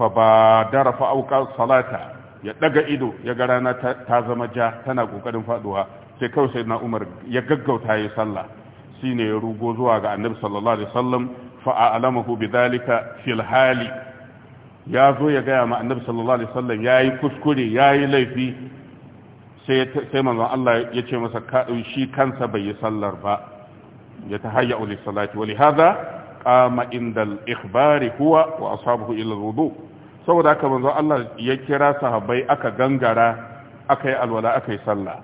fa ba dara fa salata ya daga ido ya ga rana ta zama ja tana kokarin faduwa sai kawai sai na umar ya gaggauta ya sallah shine ya rugo zuwa ga annabi sallallahu alaihi wasallam fa a'lamahu bidhalika fil hali ya zo ya gaya ma annabi sallallahu alaihi wasallam yayi kuskure yayi laifi sai sai manzon Allah ya ce masa shi kansa bai yi sallar ba ya tahayya li salati wa li hadha qama inda al ikhbari huwa wa ashabuhu ila al wudu' saboda aka manzo Allah ya kira sahabbai aka gangara aka yi alwala aka yi sallah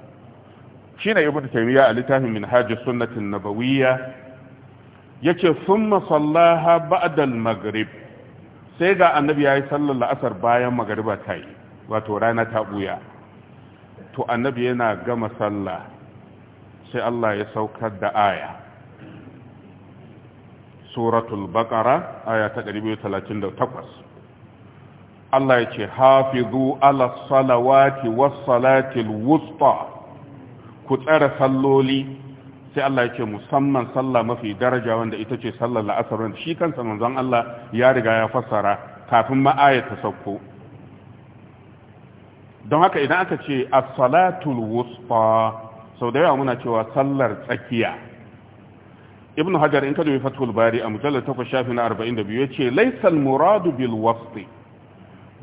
shine ibnu taymiya a littafin minhaj sunnatin nabawiyya yace thumma sallaha ba'da al-maghrib sai ga annabi yayi sallar la'asar bayan magriba ta yi wato rana ta buya to annabi yana gama sallah sai Allah ya saukar da aya suratul baqara aya ta 238 Allah ya ce hafizu ala salawati was salatil wusta ku tsara salloli sai Allah ya ce musamman sallah mafi daraja wanda ita ce sallar la'asar wanda shi kansa manzon Allah ya riga ya fassara kafin ma ta sauko don haka idan aka ce as-salatul wusta sau da yawa muna cewa sallar tsakiya ibn hajar in ka fathul bari a mujallar 8 shafi na 42 ce laisal muradu bil wasti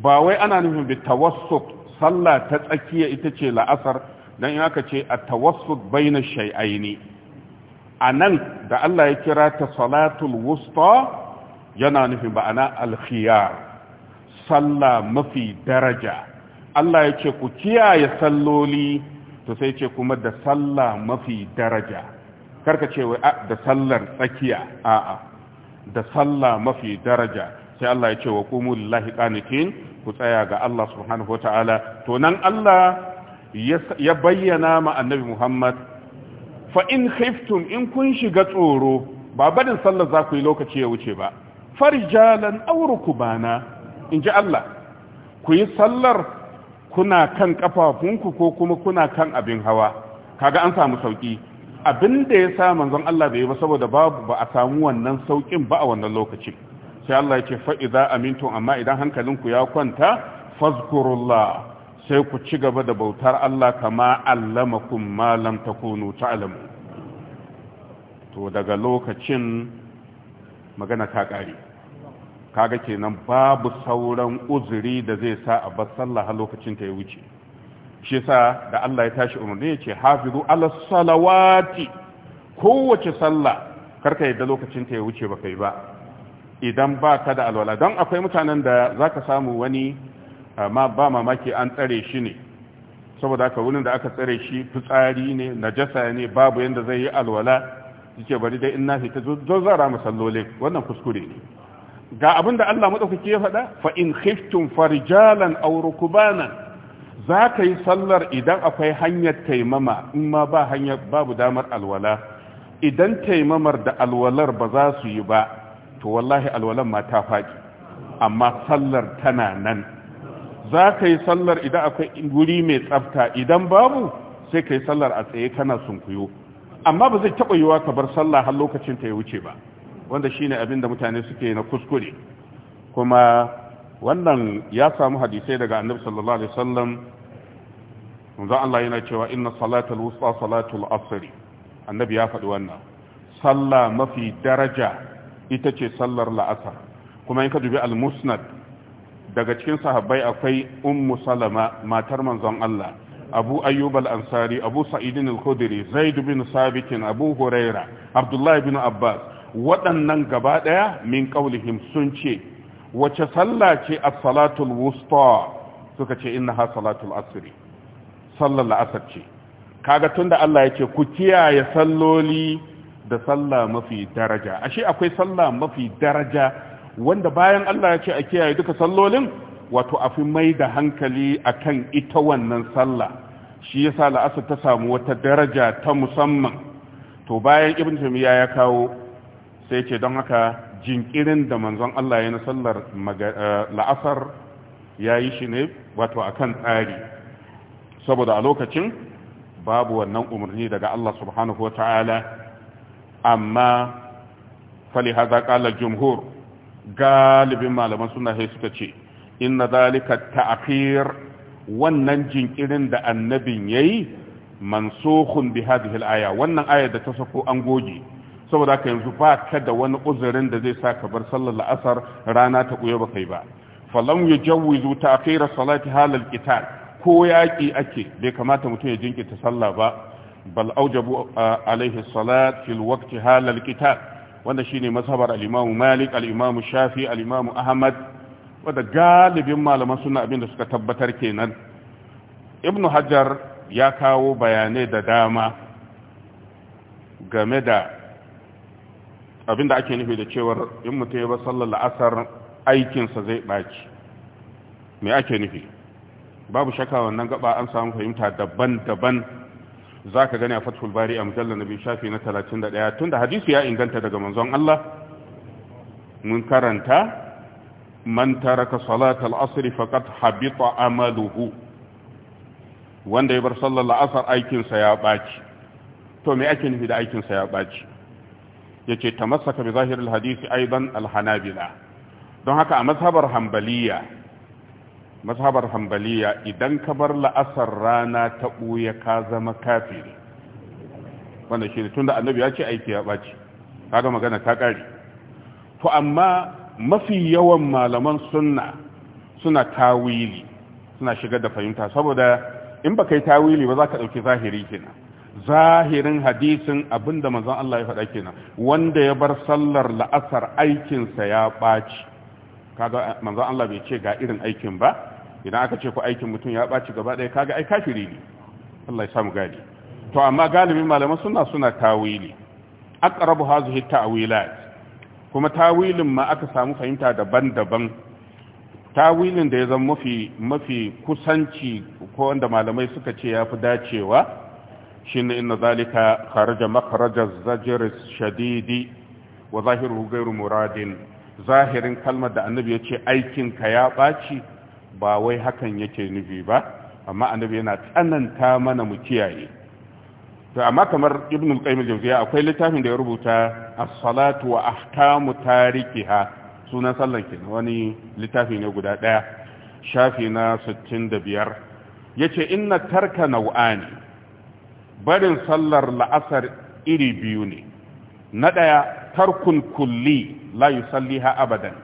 ba wai ana nufin bi tawassut sallah ta tsakiya ita ce la'asar dan in aka ce a tawassut baina shay'aini anan da Allah ya kira ta salatul wusta yana nufin ba ana alkhiyar sallah mafi daraja Allah ya ce ku kiyaye salloli to sai ce kuma da sallah mafi daraja karka ce wai da sallar tsakiya a'a da sallah mafi daraja sai Allah ya ce wa qumu lillahi qanitin ku tsaya ga Allah subhanahu wataala to nan Allah ya bayyana ma annabi Muhammad fa in khiftum in kun shiga tsoro ba barin sallar za ku yi lokaci ya wuce ba farjalan aw rukbana in ji Allah ku yi sallar kuna kan kafafunku ko kuma kuna kan abin hawa kaga an samu sauki abin da ya sa manzon Allah bai yi ba saboda babu ba a samu wannan saukin ba a wannan lokacin sai Allah ya ce fa'iza amintun amma idan hankalinku ya kwanta fazkurullah sai ku ci gaba da bautar Allah kama allamakum ma lam takunu ta'lamu to daga lokacin magana ta kare kaga kenan babu sauran uzuri da zai sa a bar sallah lokacin ta ya wuce shi yasa da Allah ya tashi umarni ya ce hafizu ala salawati kowace sallah karka yadda lokacin ta ya wuce baka yi ba idan ba ka da alwala don akwai mutanen da za ka samu wani ah, ma ba mamaki an tsare shi ne saboda haka wurin da aka tsare shi fitsari ne najasa ne babu yadda zai yi alwala yake bari dai in na fita zara musallolin wannan kuskure ne ga abin da Allah maɗaukaki ya faɗa fa in khiftum farjalan aw rukbanan za ka yi sallar idan akwai hanyar taimama in ma ba hanyar babu damar alwala idan taimamar da alwalar ba za su yi ba to wallahi alwalan ma ta faɗi amma sallar tana nan za ka yi sallar idan akwai guri mai tsafta idan babu sai ka yi sallar a tsaye kana sunkuyo amma ba zai taɓa yiwa ka bar sallah har lokacin ta ya wuce ba wanda shine abin da mutane suke na kuskure kuma wannan ya samu hadisai daga annabi sallallahu alaihi wasallam manzo Allah yana cewa inna salatul wusta salatul asr annabi ya faɗi wannan sallah mafi daraja ita ce sallar la'asar kuma in ka dubi al-musnad daga cikin sahabbai akwai ummu salama matar manzon Allah abu ayyub al-ansari abu sa'idin al-khudri zaid bin sabit abu huraira abdullahi bin abbas waɗannan gaba ɗaya min qaulihim sun ce wace salla ce as-salatul wusta suka ce innaha salatul asri sallar la'asar ce kaga tunda Allah yake ku kiyaye salloli da sallah mafi daraja ashe akwai sallah mafi daraja wanda bayan Allah ya ce a kiyaye duka sallolin wato a fi mai da hankali akan ita wannan sallah shi yasa la'asar ta samu wata daraja ta musamman to bayan ibn tamiya ya kawo sai ce don haka jinkirin da manzon Allah ya na sallar eh, la'asar ya yi shi ne wato akan tsari saboda a lokacin babu wannan umarni daga Allah subhanahu wa ta'ala amma falihaza haza kala jumhur galibin malaman suna sai suka ce inna zalika ta'khir wannan jinkirin da annabin yayi mansukhun bi hadhihi al-aya wannan aya da ta sako an goge saboda ka yanzu ba ka da wani uzurin da zai sa ka bar sallar la'asar rana ta kuyo ba kai ba falam yujawwizu ta'khir salati halal qital ko yaki ake bai kamata mutum ya jinkirta sallah ba bal aujabu uh, alaihi salat fil waqti halal kita wanda shine mazhabar al-Imam Malik al Shafi al-Imam Ahmad wanda galibin malaman sunna abinda suka tabbatar kenan Ibn Hajar ya kawo bayanai da dama game da abinda ake nufi da cewar in mutum ya ba sallar la'asar aikinsa zai ɓaci me ake nufi babu shaka wannan gaba an samu fahimta daban-daban za ka gani a fathul bari a mujallar na biyu shafi na 31 ɗaya. Tunda hadisi ya inganta daga manzon Allah mun karanta man taraka salat al-asr faqad habita amaluhu wanda ya bar sallar la'asar aikinsa ya baci to me ake nufi da aikinsa ya baci yace tamassaka bi zahiril hadisi aidan al-hanabila don haka a mazhabar hanbaliya mazhabar hambaliya idan ka bar la'asar rana ta ɓuya ka zama kafiri wanda shi tun da annabi ya ce aiki ya ɓaci kaga magana ta ƙari to amma mafi yawan malaman sunna suna tawili suna shigar da fahimta saboda in ba kai tawili ba za ka ɗauki zahiri kenan zahirin hadisin abinda manzon Allah ya faɗa kenan wanda ya bar sallar la'asar aikinsa ya ɓaci kaga manzon Allah bai ce ga irin aikin ba idan aka ce ku aikin mutum ya ɓaci gaba ɗaya kaga ai kafiri ne Allah ya samu gadi to amma galibin malaman suna suna tawili aqrabu hazihi ta'wilat kuma tawilin ma aka samu fahimta daban-daban tawilin da ya zama mafi mafi kusanci ko wanda malamai suka ce ya fi dacewa shine inna zalika kharaja makhraja zajr shadidi wa zahiruhu ghayru muradin zahirin kalmar da annabi ya ce aikin ka ya ɓaci ba wai hakan yake nufi ba amma annabi yana tsananta mana mu kiyaye to amma kamar ibn al-qayyim al akwai littafin da ya rubuta as-salatu wa ahkamu tarikiha sunan sallan kin. wani littafi ne guda daya shafi na 65 yace inna tarka nau'ani barin sallar la'asar iri biyu ne na daya tarkun kulli la yusalliha abadan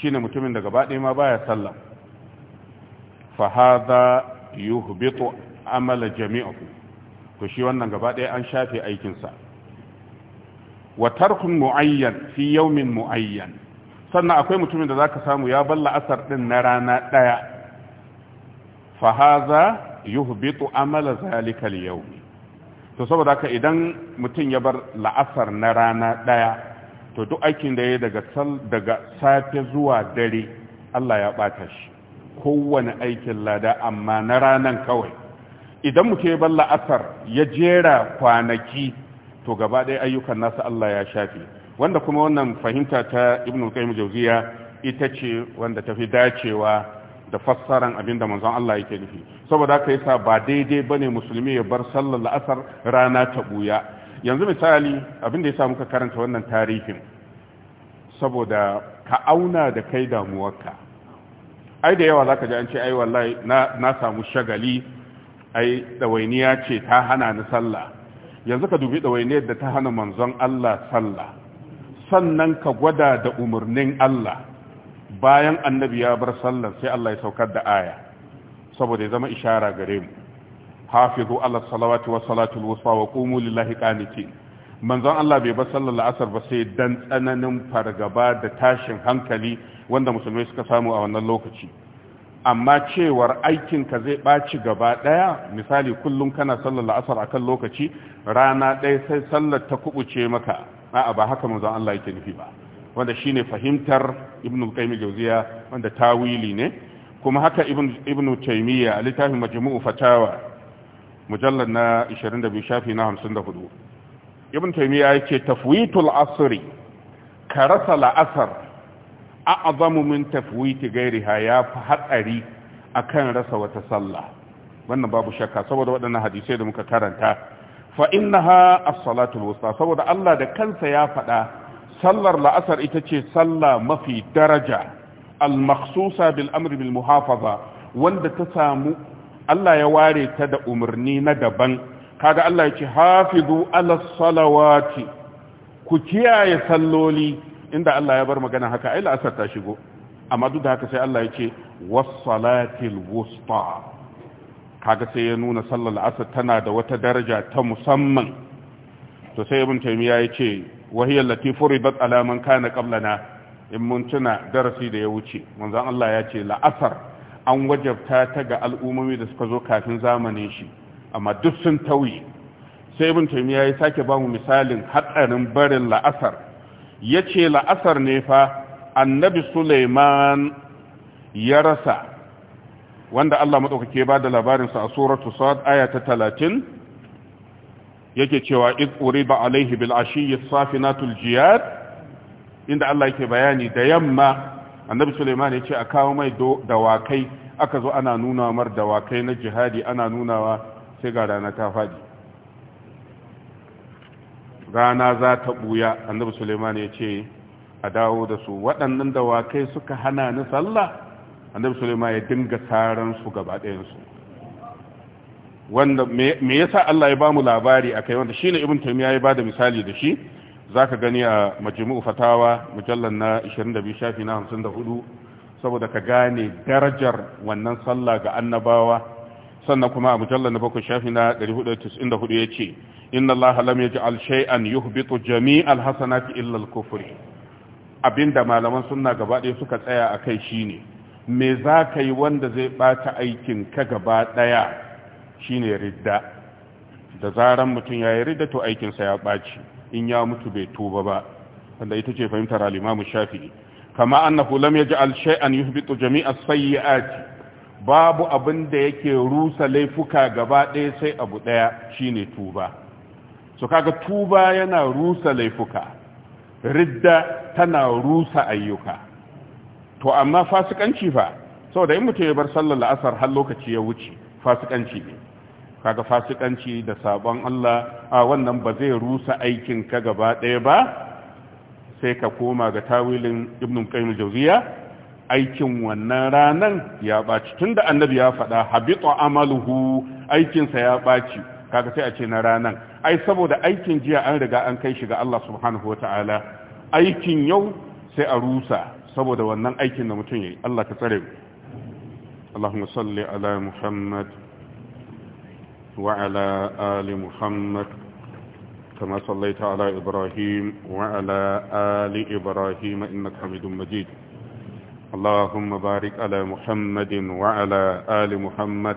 shine mutumin da gaba ɗaya ma baya sallah fahaza yuhbitu amala jami'ahu to shi wannan gaba ɗaya an shafe aikinsa wa tarkun mu'ayyan mu'ayyan sannan akwai mutumin da zaka samu ya balla asar din na rana ɗaya fahaza yuhbitu amala zalikal al to saboda ka idan mutum ya bar la'asar na rana ɗaya to duk aikin da ya daga safe zuwa dare Allah ya ɓata shi kowane aikin lada amma na ranan kawai idan mutum ya bar la'asar ya jera kwanaki to gaba ɗaya ayyukan nasa Allah ya shafe wanda kuma wannan fahimta ta ibn qayyim jawziya ita ce wanda tafi dacewa da fassaran abinda manzon Allah yake nufi saboda haka yasa ba daidai bane musulmi ya bar sallar la'asar rana ta buya yanzu misali abinda yasa muka karanta wannan tarihin saboda ka auna da kai damuwarka ai da yawa zaka ji an ce ai wallahi na na samu shagali ai dawainiya ce ta hana ni sallah yanzu ka dubi dawainiyar da ta hana manzon Allah sallah sannan ka gwada da umarnin Allah bayan annabi ya bar sallar sai Allah ya saukar da aya saboda ya zama ishara gare mu hafizu ala salawati wa salatul wusta wa qumu lillahi qanitin manzon Allah bai bar sallar la'asar ba sai dan tsananin fargaba da tashin hankali wanda musulmai suka samu a wannan lokaci amma cewar aikinka zai ɓaci gaba ɗaya misali kullum kana sallar la'asar akan lokaci rana ɗaya sai sallar ta kubuce maka a'a ba haka manzon Allah yake nufi ba wanda shine fahimtar ibnu qayyim jawziya wanda tawili ne kuma haka ibnu taymiya a littafin majmu'u fatawa mujallad na 22 shafi na 54 ibnu taymiya yake tafwitul asri ka rasa la'asar a'azamu min tafwiti gairiha ya fi hatsari akan rasa wata sallah wannan babu shakka saboda waɗannan hadisai da muka karanta fa innaha as-salatul wusta saboda Allah da kansa ya faɗa sallar la'asar ita ce sallah mafi daraja al-makhsusa bil amri bil muhafaza wanda ta samu Allah ya ware ta da umarni na daban kaga Allah ya ce hafizu ala salawati ku kiyaye salloli inda Allah ya bar magana haka ai la'asar ta shigo amma duk da haka sai Allah ya ce wassalatil wusta kaga sai ya nuna sallar la'asar tana da wata daraja ta musamman to sai ibn taymiya ya ce wahiyar lati furidat ala man kana qablana in mun tuna darasi da ya wuce manzon Allah ya ce la'asar an wajabta ta ga al'ummomi da suka zo kafin zamanin shi amma duk sun tauye sai ibn taymiya ya sake ba mu misalin hatsarin barin la'asar ya ce la'asar ne fa annabi suleiman ya rasa wanda Allah maɗaukake ba da labarinsa a suratu sa'ad aya ta talatin yake cewa ikuri ba alaihi bil'ashi safinatul jiyad inda Allah yake bayani da yamma annabi suleiman ya ce a kawo mai dawakai aka zo ana nunawa mar dawakai na jihadi ana nunawa sai ga rana ta faɗi rana za ta buya annabi suleiman ya ce a dawo da su waɗannan dawakai suka hana ni sallah annabi suleiman ya dinga tsaron su gaba ɗayansu wanda me yasa Allah ya ba mu labari akai wanda shine ibn taymiya ya bada misali da shi zaka gani a majmu'u fatawa mujallal na 22 shafi na 54 saboda ka gane darajar wannan sallah ga annabawa sannan kuma a mujallal na 7 shafi na 494 yace inna Allah lam yaj'al shay'an yuhbitu jami'al hasanati illa al-kufr abinda malaman sunna gaba ɗaya suka tsaya akai shine me za ka yi wanda zai bata aikin ka gaba ɗaya shine ridda da zaran mutum yayi ridda to aikin sa ya baci in ya mutu bai tuba ba wanda ita ce fahimtar al-Imam Shafi'i kama annahu lam yaj'al shay'an yuhbitu jami'as sayyi'ati babu abinda da yake rusa laifuka gaba sai abu ɗaya shine tuba so kaga tuba yana rusa laifuka ridda tana rusa ayyuka to amma fasikanci fa saboda in mutum ya bar sallar la'asar har lokaci ya wuce fasikanci ne kaga fasikanci da sabon Allah a wannan ba zai rusa aikin ka gaba ɗaya ba sai ka koma ga tawilin ibn qayyim jawziya aikin wannan ranan ya baci tunda annabi ya faɗa habita amaluhu aikinsa ya baci kaga sai a ce na ranan ai saboda aikin jiya an riga an kai shi ga Allah subhanahu wataala aikin yau sai a rusa saboda wannan aikin da mutum yayi Allah ka tsare mu Allahumma salli ala Muhammad wa ala ali Muhammad كما صليت على إبراهيم وعلى آل إبراهيم إنك حميد مجيد اللهم بارك على محمد وعلى آل محمد